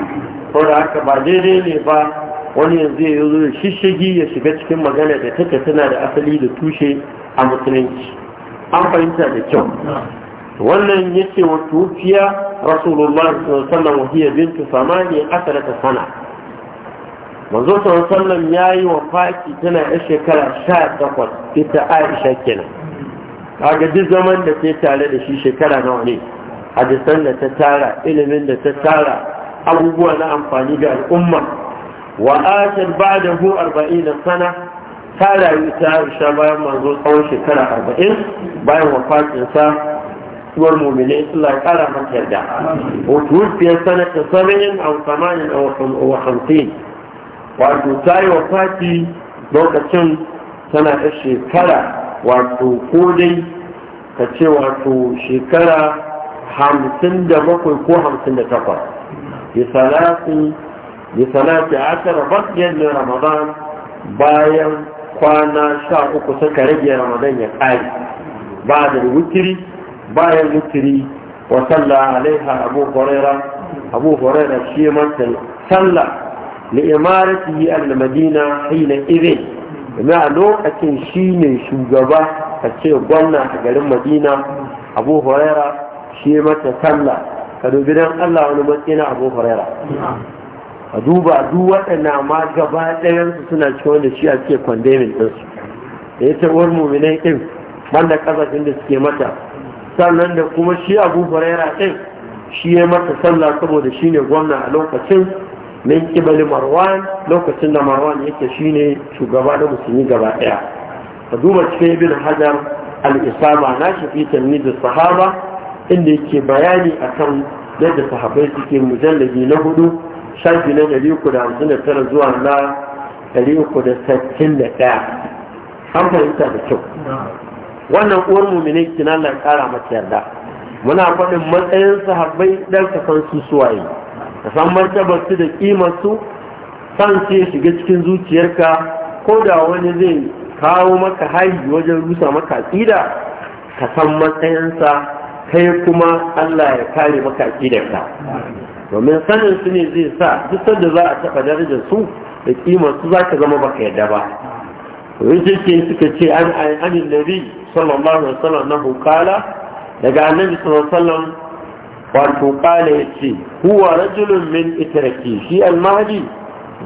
ko da haka ba daidai ne ba wani yanzu ya zo ya shishigi ya shiga cikin magana da take tana da asali da tushe a musulunci an fahimta da kyau wannan yace wa tufiya rasulullah sallallahu wa hiya bintu samani ta sana manzo ya yayi wa faki tana yan shekara 18 ita Aisha kenan kaga duk zaman da ta tare da shi shekara nawa ne hadisan da ta tara ilimin da ta tara abubuwa na amfani ga al'umma wa atar ba'dahu 40 sana ta rayu ta Aisha bayan manzo tsawon shekara arba'in bayan wafatinsa uwar mu'mini Allah ya kara mata yarda wa tuwfiya sanata sab'in aw thamanin aw khamsin wato ta yi wafati lokacin tana ta shekara wato ko dai ka ce wato shekara hamsin da bakwai ko hamsin da takwas bi salati ashara bakiyan na ramadan bayan kwana sha uku suka rage ramadan ya kare ba da wutiri bayan zikiri wa salla alaiha abu huraira abu huraira shi manta salla li imaratihi al-madina hina idin domin lokacin shi ne shugaba a ce gwamna a garin madina abu huraira shi mata salla ka dubi don Allah wani matsayi na abu huraira a duba duk waɗanda ma gaba ɗayansu suna cikin wanda shi a ce kwandemin ɗinsu da ya ce uwar muminai ɗin banda ƙasashen da suke mata sannan da kuma shi abu huraira ɗin shi ya masa sallah saboda shi ne gwamna a lokacin min kibali marwan lokacin da marwan yake shi ne shugaba da musulmi gaba ɗaya a duba cikin ibn hajar al na shafi fi da sahaba inda yake bayani akan yadda sahabai suke mujallabi na hudu shafi na ɗari uku da hamsin da tara zuwa na ɗari uku da sittin da ɗaya an fahimta da kyau wannan uwar mumine kina Allah ya kara mata yarda muna faɗin matsayin sahabbai dan ka san su suwaye ka san martabar su da kimar su san ce shiga cikin zuciyarka ko da wani zai kawo maka hayi wajen rusa maka tsida, ka san matsayinsa kai kuma Allah ya kare maka ka. domin sanin su ne zai sa duk da za a taɓa darajar su da kimar su za ka zama baka yarda ba rijikin suka ce an anin nabi sallallahu alaihi wasallam na hukala daga annabi sallallahu alaihi wato kala ya ce huwa rajulun min itraki shi almahdi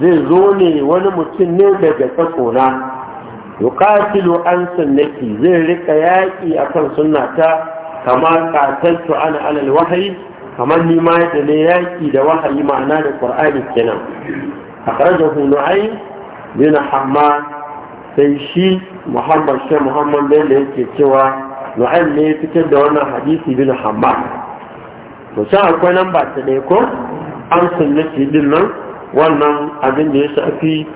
zai zo ne wani mutum ne daga tsakona yuqatilu an sunnati zai rika yaki akan sunnata kama qataltu ana alal wahayi kamar ni ma yadda ne yaki da wahayi ma'ana da qur'ani kenan akhrajahu nu'aym bin hammad sai shi muhammad shi muhammad bello yake cewa nu'aym ne ya fitar da wannan hadisi bin hamma to sai akwai nan ba ta ɗaya ko an sunnati din nan wannan abin da ya shafi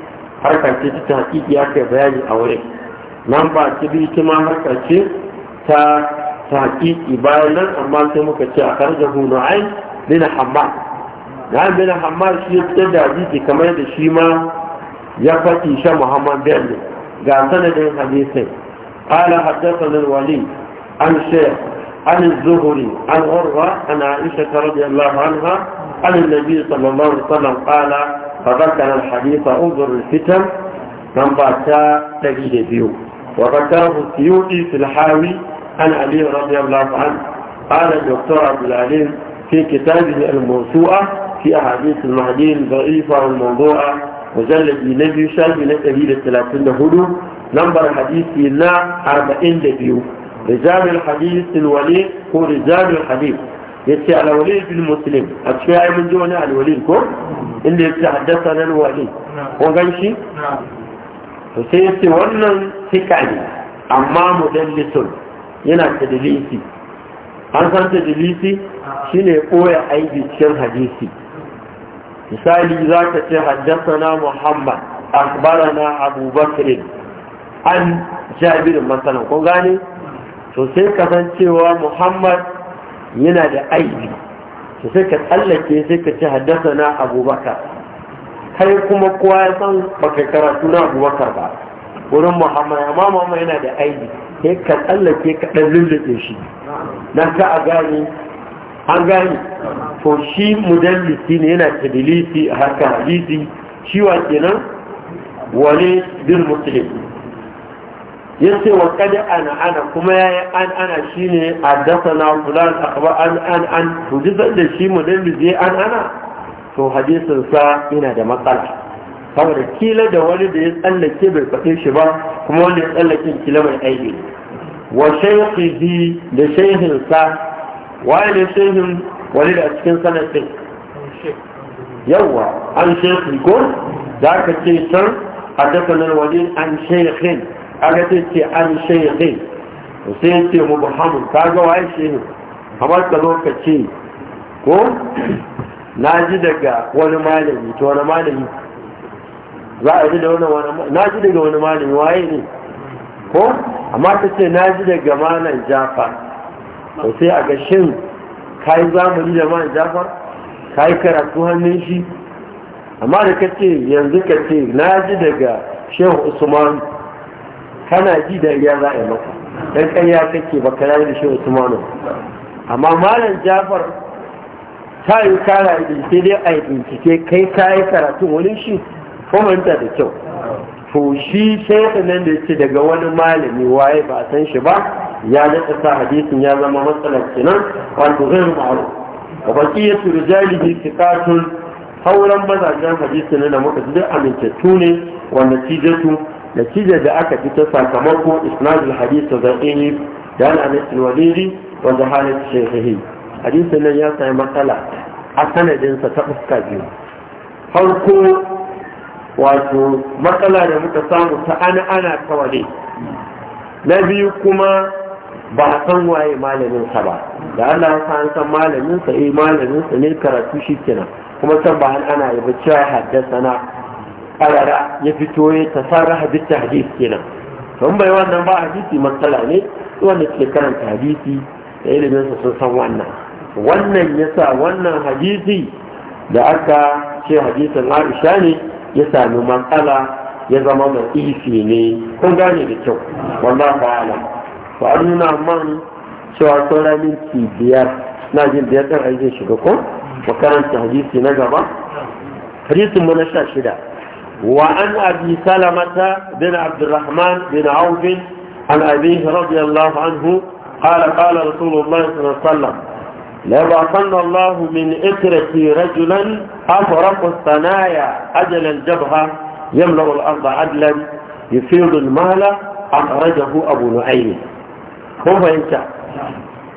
harka ce ta hakiki ya bayani a wurin nan ba ta bi ta ma harka ce ta hakiki bayan amma sai muka ce a karja hu ai bin hamma nu'aym bin hamma shi ya fitar da hadisi kamar da shi ma ya faɗi sha muhammad bello جعلتنا دي حديثين قال حدثنا الولي عن الشيخ عن الزهري عن غرة عن عائشة رضي الله عنها عن النبي صلى الله عليه وسلم قال فذكر الحديث انظر الفتن من باتا تجد بيو وذكره السيوطي في الحاوي عن علي رضي الله عنه قال الدكتور عبد العليم في كتابه الموسوعة في أحاديث المهدي الضعيفة والموضوعة mujalladi na biyu shafi na ɗari da talatin da hudu lambar hadisi na arba'in da biyu rijalul hadis wali ko rijalul hadis ya ce alwali bin muslim a cikin ya mun ji wani alwali ko inda ya ce haddasa na wani ko gan shi to sai ya ce wannan tika ne amma mudallisun yana tadilisi an san tadilisi shine koya aibi cikin hadisi misali za ka ce haddasana muhammad na abubakar an jabirin masalan kun gane sosai kasancewa muhammad yana da aibi sosai ka tsallake sai ka ce haddasana abubakar kai kuma kowa ya san baka karatu na abubakar ba wurin muhammad amma muhammad yana da aibi sai ka tsallake kaɗan ɗan shi nan ka a gane an gane to shi mudallisi ne yana tadilisi a harkar hadisi shi wa kenan wani bin muslim ya ce wa kada ana ana kuma ya yi an ana shi ne a dasa na kula a akaba an an an to jizar da shi mudallisi an ana to hadisinsa yana da matsala saboda kila da wani da ya tsallake bai faɗe shi ba kuma wani ya tsallake kila mai aiki wa shaykhihi da shaykhinsa wa ne shaykhin wani da cikin sanatin yawa an shekhi ko za ka ce can a dafanar wani an shekhin aka ce ce an shekhin sai ce mu buhamu ka ga waye shehin amma ka lokaci ka ko na ji daga wani malami to wani malami za a ji da wani na ji daga wani malami waye ne ko amma ta ce na ji daga malam jafa to sai a ga shin ka zamani da man jafar ka karatu hannun shi amma da ka ce yanzu ka ce na ji daga shehu usman kana ji da ya za a yi maka dan ya kake ba ka da shehu usman amma malam jafar ta yi kara sai dai a yi bincike kai ka yi karatun wani shi ta da kyau to shi shaidu nan da yake daga wani malami waye ba a san shi ba ya daɗa sa hadisin ya zama matsalar kenan wato zai ma'aru a baki ya turu jalibi sikatun hauran mazajen hadisin na muka duk amintattu ne wanda cijatu da cijar da aka fi ta sakamako isnadul hadisa za'ini da an anasin waliri wanda halin shehihi hadisin nan ya sami matsala a sanadinsa ta fuska biyu farko wato matsala da muka samu ta ana ana kawale na biyu kuma ba a san waye malaminsa ba da Allah ya san san malaminsa eh malaminsa ne karatu shi kenan kuma san ba an ana yaba cewa haddasana qarara ya fito ya tasarraha bi hadisi kenan to bai wannan ba hadisi matsala ne wanda ke karanta hadisi da iliminsa sun san wannan wannan yasa wannan hadisi da aka ce hadisin Aisha ne ya sami matsala ya zama mai isi ne ko gane da kyau Wanda wallahu ala? to an nuna man cewa sauran minti biyar na jin biyar ɗin aikin shiga ko makaranta hadisi na gaba hadisin mu na sha shida wa an abi salamata bin abdurrahman bin auf an abihi radiyallahu anhu قال قال رسول الله صلى الله عليه وسلم ليبعثن الله من إترتي رجلا أفرق الثنايا أجل الجبهة يملأ الأرض عدلا يفيض المال أخرجه أبو نعيم هم فإنت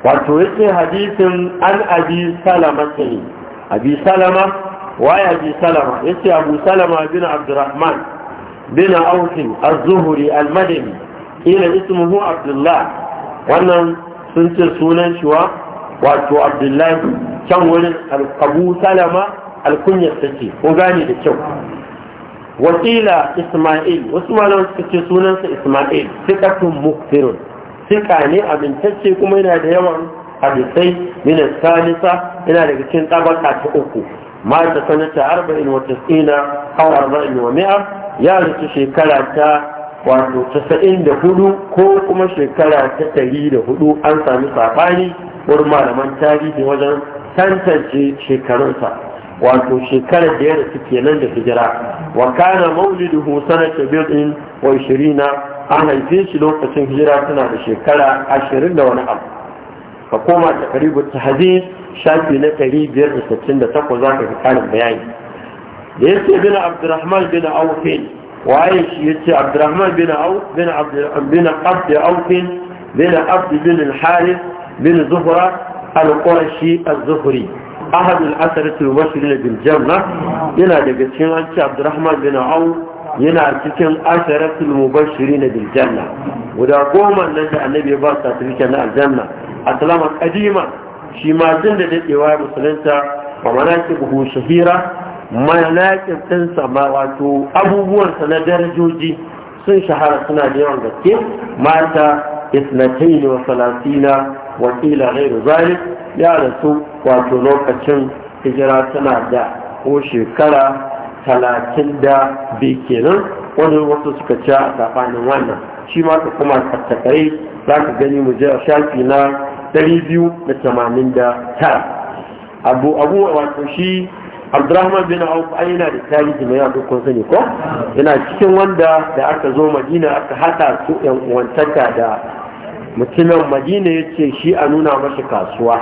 وتوجه حديث عن أبي سلمة أبي سلمة وأي أبي سلمة يسي أبو سلمة بن عبد الرحمن بن أوف الزهري المدني إلى اسمه عبد الله وأنا سنتي سونا شوى wato abdullahi can wurin abu salama alkunyar ce ko gane da kyau wakila isma'il wasu malaman suka ce sunansa isma'il sikatun mukfirun sika ne abintacce kuma yana da yawan hadisai min salisa yana daga cikin tabaka ta uku mata sanata arba'in wa tsina, aw arba'in wa mi'a ya rutu shekara ta wato 94 da hudu ko kuma shekara ta ɗari da hudu an sami sabani wurin malaman tarihi wajen tantance shekarunsa wato shekarar da ya rasu kenan da hijira wa kana mauliduhu sanata bid'in wa 20 an haife shi lokacin hijira tana da shekara 20 da wani abu ka koma ta karibu tahzir shafi na 568 zaka ga karin bayani da yace bin Abdurrahman bin Auf waye shi yace Abdurrahman bin Auf bin Abd bin Abd Auf bin Abd bin al-Harith بن زهرة القرشي الزهري أحد الأسرة المبشرين بالجنة ينا دقتين أنت عبد الرحمن بن عوف yana cikin asharatul mubashiri na biljanna guda goma nan da annabi ba sa tafiya na aljanna aslama kadima shi ma da daɗewa musulunta wa manaqibuhu shahira manaqib din sama wato abubuwan sa na darajoji sun shahara suna da yawan gaske mata isnatain wa salatina wakila da zalik ya rasu wato lokacin hijira tana da ko shekara talatin da biyu kenan wani wasu suka ci a wannan shi ma ka kuma tattakarai za ka gani mu je a shafi na ɗari biyu abu abu wato shi abdurrahman bin auf ai yana da tarihi mai yawa kun sani ko yana cikin wanda da aka zo madina aka haɗa su yan uwantaka da mutumin madina ya ce shi a nuna masa kasuwa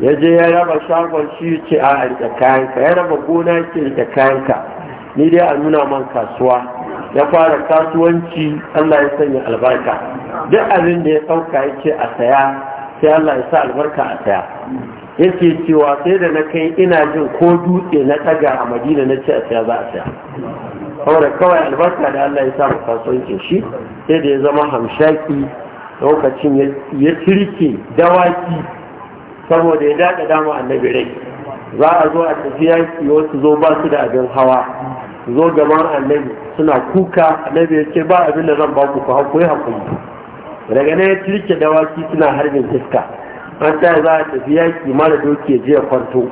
ya je ya raba shagon shi ya ce a rike kayanka ya raba gona ya ce rike kayanka ni dai a nuna man kasuwa ya fara kasuwanci allah ya sanya albarka duk abin da ya sauka ya ce a saya sai allah ya sa albarka a saya Ya yake cewa sai da na kai ina jin ko dutse na taga a madina na ce a saya za a saya kawai albarka da allah ya sa kasuwancin shi sai da ya zama hamshaki lokacin ya cirke dawaki saboda ya daɗa dama annabi rai za a zo a tafiya wasu zo ba su da abin hawa zo gaban annabi suna kuka annabi ya ce ba abin da zan ba ku ku hakuri hakuri daga nan ya cirke dawaki suna harbin fuska an ta za a tafi yaki mara doki je ya kwanto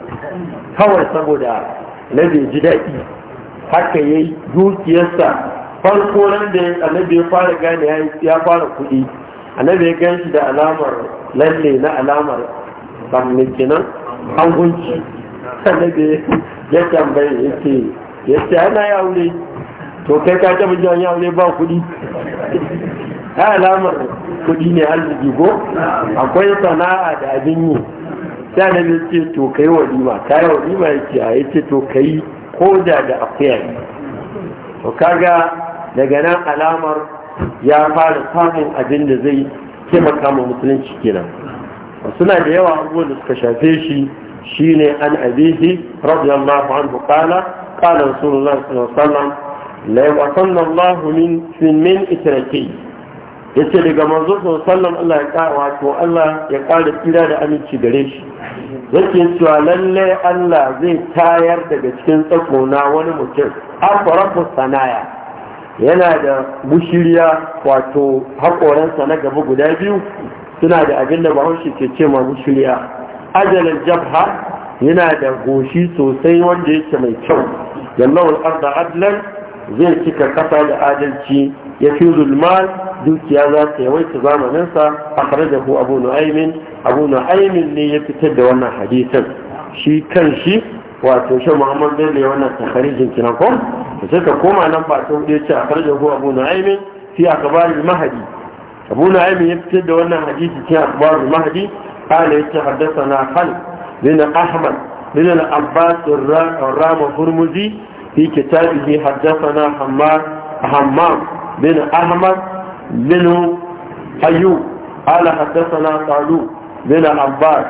kawai saboda nabi ji daɗi haka ya yi dukiyarsa farko nan da annabi ya fara gane ya fara kuɗi annabi ya gan shi da alamar lalle na alamar bamnikinan hangunci annabi ya tambaye ya ce ya ce ana ya wule to kai ka taba jiwa ya wule ba kuɗi ta alamar kuɗi ne arziki ko akwai sana'a da abin yi sai annabi ya ce to kai walima ta yi walima ya ce a ya ce to kai ko da da akuya yi to kaga daga nan alamar ya fara samun abin da zai taimaka ma musulunci kenan suna da yawa abubuwan da suka shafe shi shine an abihi radiyallahu anhu qala qala rasulullah sallallahu alaihi wasallam la yaqanna Allah min min itraki yace daga manzo sallallahu Allah ya ƙara wato Allah ya ƙara tsira da aminci gare shi yake cewa lalle Allah zai tayar daga cikin tsakona wani mutum afarafu sanaya yana da mushiriya wato haƙoransa na gaba guda biyu suna da abin da bahaushe ke ce ma bushiriya ajalar jabha yana da goshi sosai wanda yake mai kyau yallawar arda adlan zai cika kasa da adalci ya fi zulmal dukiya za ta yawaita zamaninsa a kare da ku abu nu'aimin abu nu'aimin ne ya fitar da wannan hadisin shi kan shi wato shi muhammad bello ya wannan takharijin kinan ko sai ka koma nan ba ta hudu ce a karjar ko abu nu'aimin fi akabar mahadi abu ya fitar da wannan hadisi cikin akabar mahadi قال يتحدثنا خلف بن أحمد بن العباس الرام هرمزي في كتابه حدثنا حمام حمام بن أحمد بن أيوب قال حدثنا طالوب بن عباس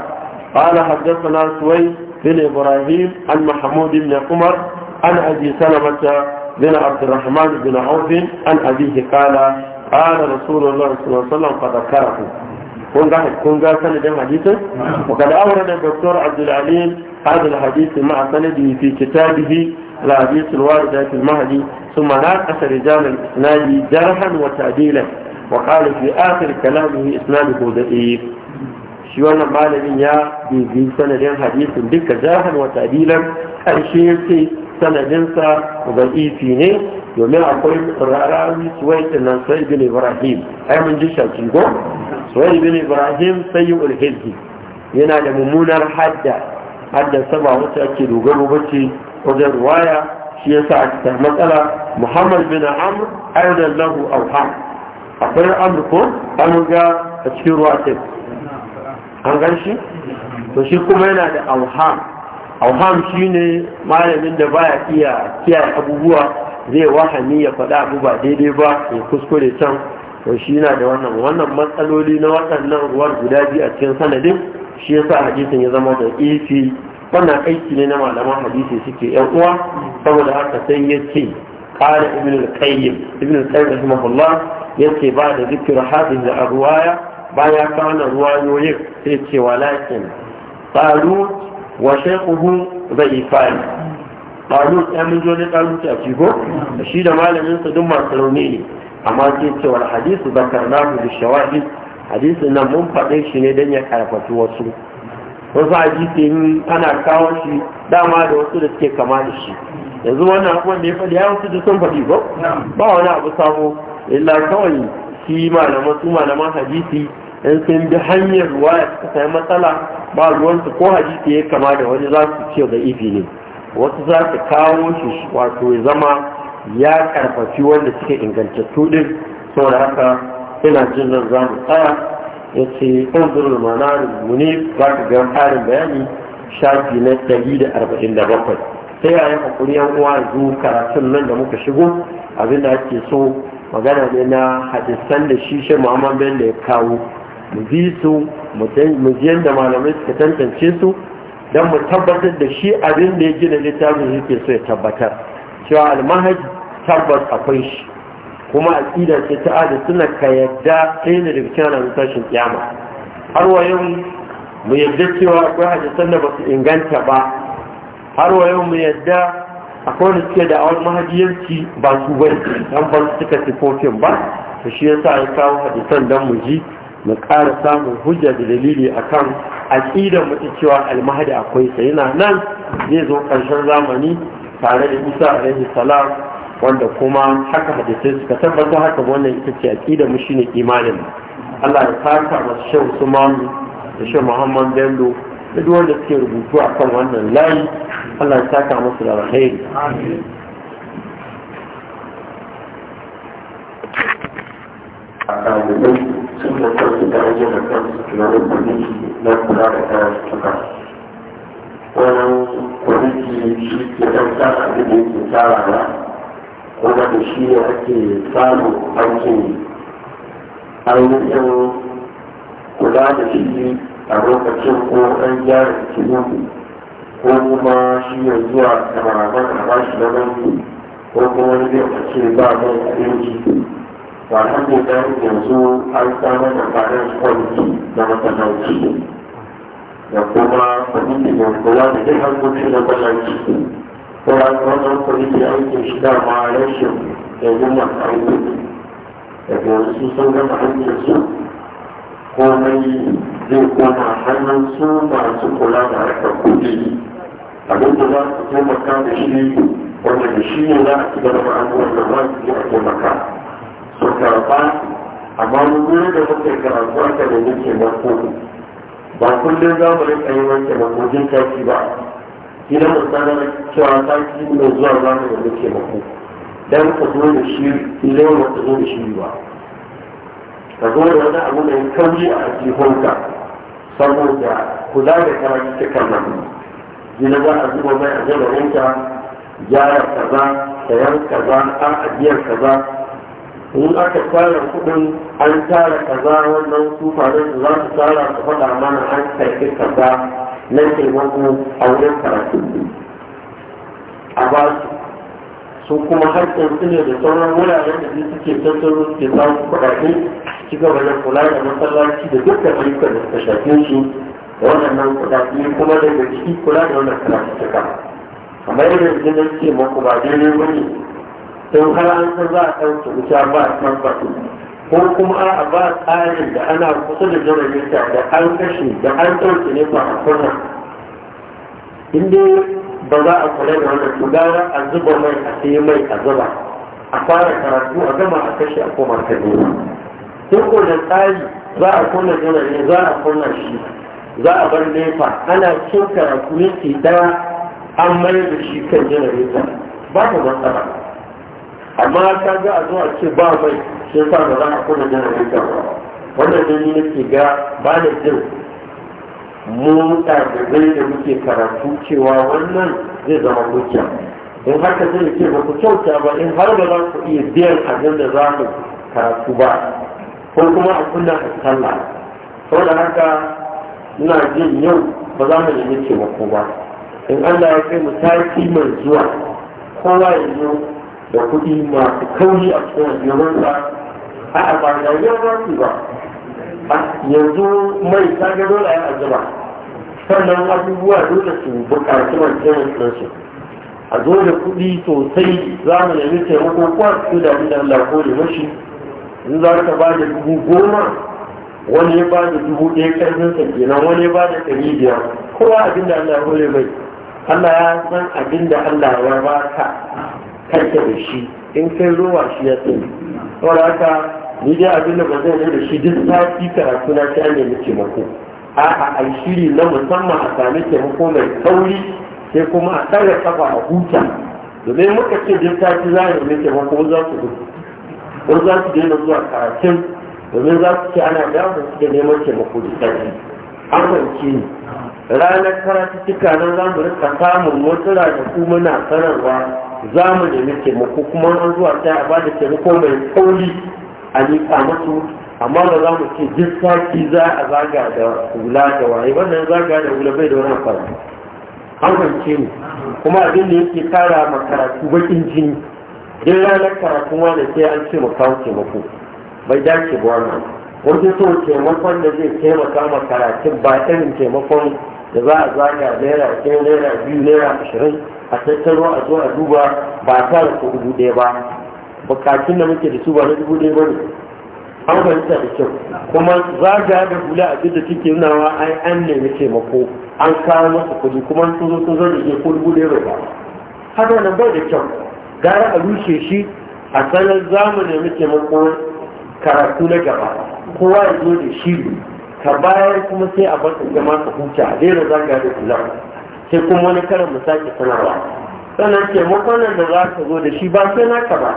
قال حدثنا سويد بن إبراهيم عن محمود بن عمر عن أبي سلمة بن عبد الرحمن بن عوف عن أبيه قال قال رسول الله صلى الله عليه وسلم قد ذكره كن قال سند hadisin وقد أورد الدكتور عبد العليم هذا الحديث مع سنده في كتابه الحديث الواردة في المهدي ثم ناقش رجال الإسناد جرحا وتعديلا وقال في آخر كلامه إسناده ضعيف shi wannan malamin ya bibi sanadin hadisin duka jahan wa ta'dilan karshe yace sanadinsa da'ifi ne domin akwai rarawi suwai nan sai bin ibrahim ai mun ji shaki go suwai bin ibrahim yi hizbi yana da mummunar hadda hadda saba wacce ake dogaro bace wajen ruwaya shi yasa a cikin matsala muhammad bin amr aidan lahu akwai amr ko an ga a cikin ruwa an gan shi to shi kuma yana da auham auham ne malamin da baya iya kiyaye abubuwa zai wahani ya faɗa abu ba daidai ba ya kuskure can to shi yana da wannan wannan matsaloli na waɗannan ruwan guda biyu a cikin sanadin shi yasa hadisin ya zama da ifi wannan aiki ne na malaman hadisi suke yan uwa saboda haka sai ya ce al-qayyim ابن al-qayyim rahimahullah رحمه ba da zikr hadith da arwaya. baya kawo ruwa yoyin sai ce walakin talut wa zai fai talut ya mun jone talut a cigo shi da malaminsa duk masu rauni ne amma sai ce wal hadisu na bi shawahid hadisu nan mun faɗe shi ne don ya karfafi wasu wasu hadisin ana kawo shi dama da wasu da suke kama da shi yanzu wannan abubuwan da ya faɗi ya wasu da sun faɗi ba ba wani abu sabo illa kawai shi malaman su malaman hadisi in sun bi hanyar ruwa suka sai matsala ba ruwansu ko hadisi ya kama da wani za su ce da ifi ne wasu za su kawo shi wato ya zama ya karfafi wanda suke ingantattu din saboda haka ina jin nan za mu tsaya ya ce mana da muni za ka ga ƙarin bayani shafi na ɗari da arba'in da bakwai sai a yi haƙuri yan uwa zu karatun nan da muka shigo abinda ake so magana ne na hadisan da shi shi muhammad da ya kawo mu bi su mu je yadda malamai suka tantance su don mu tabbatar da shi abin da ya gina littafin yake so ya tabbatar cewa almahaj tabbas akwai shi kuma aƙida ce ta adi suna ka yadda ɗaya da daga tashin kiyama har wa mu yadda cewa akwai Haji da ba su inganta ba har wa yau mu yadda akwai wani suke da awon mahajiyarci ba su bane dan ba su suka sifofin ba to shi yasa ya kawo hadisan dan mu ji mu ƙara samun hujja da dalili akan aƙidar mutu cewa almahadi akwai sa yana nan zai zo ƙarshen zamani tare da isa alaihi salam wanda kuma haka hadisai suka tabbata haka wannan ita ce aƙidar mu shine imanin Allah ya saka masu shan Usman da shan Muhammad Bello da duk wanda suke rubutu akan wannan layi Allah ya saka masu da alheri a ɗalibai sun da kansu da rage da kansu tunanin kwaliki na kula da kayan suka wannan kwaliki shi ke ɗan sa abin da yake tsarawa kuma da shi ne ake samun aikin ainihin kula da shi a lokacin ko an gyara cikin ko kuma shi ne zuwa kamar a bashi da ko kuma wani zai ce ba mai abinci wannan ne dan yanzu an samar da faɗin kwanci na masallaci da kuma kwamitin kula da duk hankoci na masallaci ko an wannan kwamitin aikin shi dama rashin yanzu masu aiki Da yanzu sun gama aikin su komai zai koma hannun su masu kula da harkar kuɗi abin da za su taimaka da shi wanda da shi ne za a ci gaba da abubuwan da za su yi a taimaka su karɓa amma mu wurin da muke karatu aka da yake mako ba kullum za mu rika yi wanke makojin kaki ba idan mu sanar cewa kaki mai zuwa za mu da muke mako dan ka zo da shi idan ba ka zo da shi ba ka zo da wani abu kauri a jihonka saboda kula da karatu cikin nan gina za a zuba mai a jabarinka gyara kaza sayan kaza a ajiyar kaza in aka tara kudin an tara kaza wannan kufarin da za su tara su faɗa mana an karɓi kaza na taimako a wurin karatu a ba su su kuma haƙƙin su ne da sauran wuraren da suke tattaro suke samun kuɗaɗe ci gaba da kula da masallaci da dukkan ayyukan da suka shafe shi da waɗannan kuɗaɗe kuma daga ciki kula da wannan karatu ta kama kamar yadda na ce muku ba daidai ba ne don har an san za a ɗauke wuta ba a ba ko kuma a ba tsarin da ana kusa da jiraginta da an kashe da an ɗauke ne ba a kuma inda ba za a kula da wannan to gara a zuba mai a sai mai a zuba a fara karatu a gama a kashe a koma ta ne ko da tsari za a kunna jirage za a kunna shi za a bar nefa ana cin karatu minti ɗaya an mayar da shi kan jirage ba ta matsala amma ka ga a zuwa ce ba mai shi sa ba za a kuna jin hadisan ba wannan dai ni nake ga ba da jin mu zai da muke karatu cewa wannan zai zama hujja in haka zai yake ba ku kyauta ba in har ba za ku iya biyan abin da za mu karatu ba ko kuma a kunna a sallah da haka ina jin yau ba za mu nemi taimako ba in Allah ya kai mu taki mai zuwa kowa ya da kuɗi masu kauri a cikin yawon a a ba da yau ba su ba yanzu mai ta ga dole a azaba sannan abubuwa dole su buƙaci mai taimakon su a zo da kuɗi sosai za mu nemi taimako ko a cikin da inda Allah ko da mashi in za ka ba da dubu goma wani ya ba da dubu ɗaya ƙarfinsa kenan wani ya ba da ɗari biyar kowa abin da Allah ya hore mai Allah ya san abin da Allah ya ba ka kanta da shi in kai rowa shi ya tsaye wadda aka, ni dai abin da ba zai yi da shi duk sati karatu na shi ne taimako a'a a shiri na musamman a sami taimako mai sauri sai kuma a tsara kafa a huta domin muka ce duk sati za a nemi mako za su gudu wani za su daina zuwa karatun domin za su ce ana damun su da neman taimako da sati an fahimci ni ranar cika nan za mu rika samun wasu ranaku muna sanarwa za mu nemi taimako kuma an zuwa ta a da taimako mai kauri a nika musu amma ba za mu ce duk sati za a zaga da hula da waye wannan zaga da hula bai da wani amfani an ne kuma abin da yake kara ma karatu bakin jini duk ranar karatu ma da sai an ce mu kawo taimako bai dace ba wannan wajen so taimakon da zai taimaka ma karatun ba irin taimakon da za a zaga naira ɗaya naira biyu naira ashirin a tattaro a zo a duba ba a da dubu ɗaya ba bukatun da muke da su ba na dubu ɗaya ba ne an fahimta da kyau kuma za zagaya da hula a duk da take nunawa ai an nemi taimako an kawo masa kuɗi kuma sun zo sun zo da ke ko dubu ɗaya ba haka nan bai da kyau gara a rushe shi a sanar zamani nemi taimako karatu na gaba kowa ya zo da shi ka bayar kuma sai a bar jama'a ka huta a daina zanga da kula sai kuma wani karan mu sake sanarwa sannan taimakon da za ka zo da shi ba sai naka ba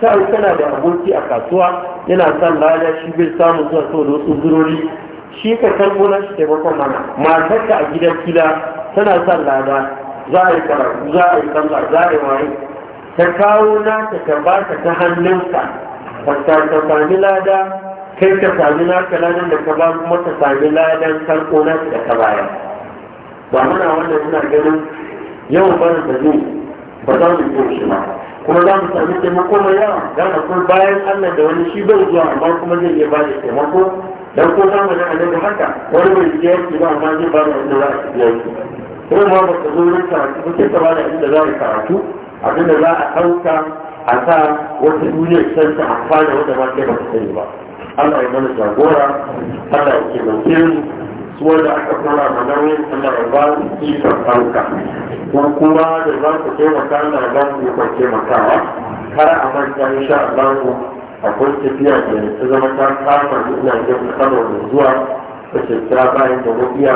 sai kana da aboki a kasuwa yana son lada shi bai samu zuwa saboda wasu zurori shi ka karbo na shi taimakon mana ka a gidan kila tana son lada za a yi karatu za a yi kanza za a yi waye ta kawo naka ta ba ta ta hannunka ta sami lada kai ka sami naka ladan da ka ba kuma ta sami ladan karko naka da ka bayar ba muna wanda suna ganin yawan barin da zai ba za mu iya shi ba kuma za mu sami taimako mai yawa za mu kuma bayan allah da wani shi bai zuwa amma kuma zai iya bada da taimako dan ko za mu da daga haka wani bai biya shi ba amma zai bada da inda za a biya shi kuma ba ka zo wurin karatu ba sai ka ba da inda za a karatu abinda za a ɗauka a sa wata duniya can ta amfana wanda ma ke ba ka sani ba Allah ya mana jagora Allah ya ke mu su wanda aka fara ma nauyin Allah ya ba su ikon ɗauka don kuma da za ku taimaka na za ku yi kwan taimakawa kar a manta insha Allah akwai tafiya da ta zama ta da ina jin kano da zuwa ta ce ta bayan da mafiya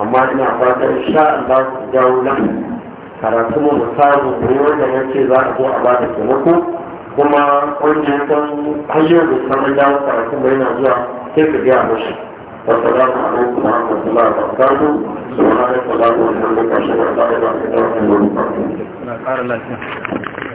amma ina fata insha Allah ku dawo nan karatu mu samu ne wanda yake za a zo a ba da taimako kuma wanda ya san hanyar da samun dawo karatu mai na zuwa sai ka gaya mashi والسلام عليكم ورحمة الله وبركاته سبحانك اللهم وبحمدك أشهد أن لا إله إلا أنت أستغفرك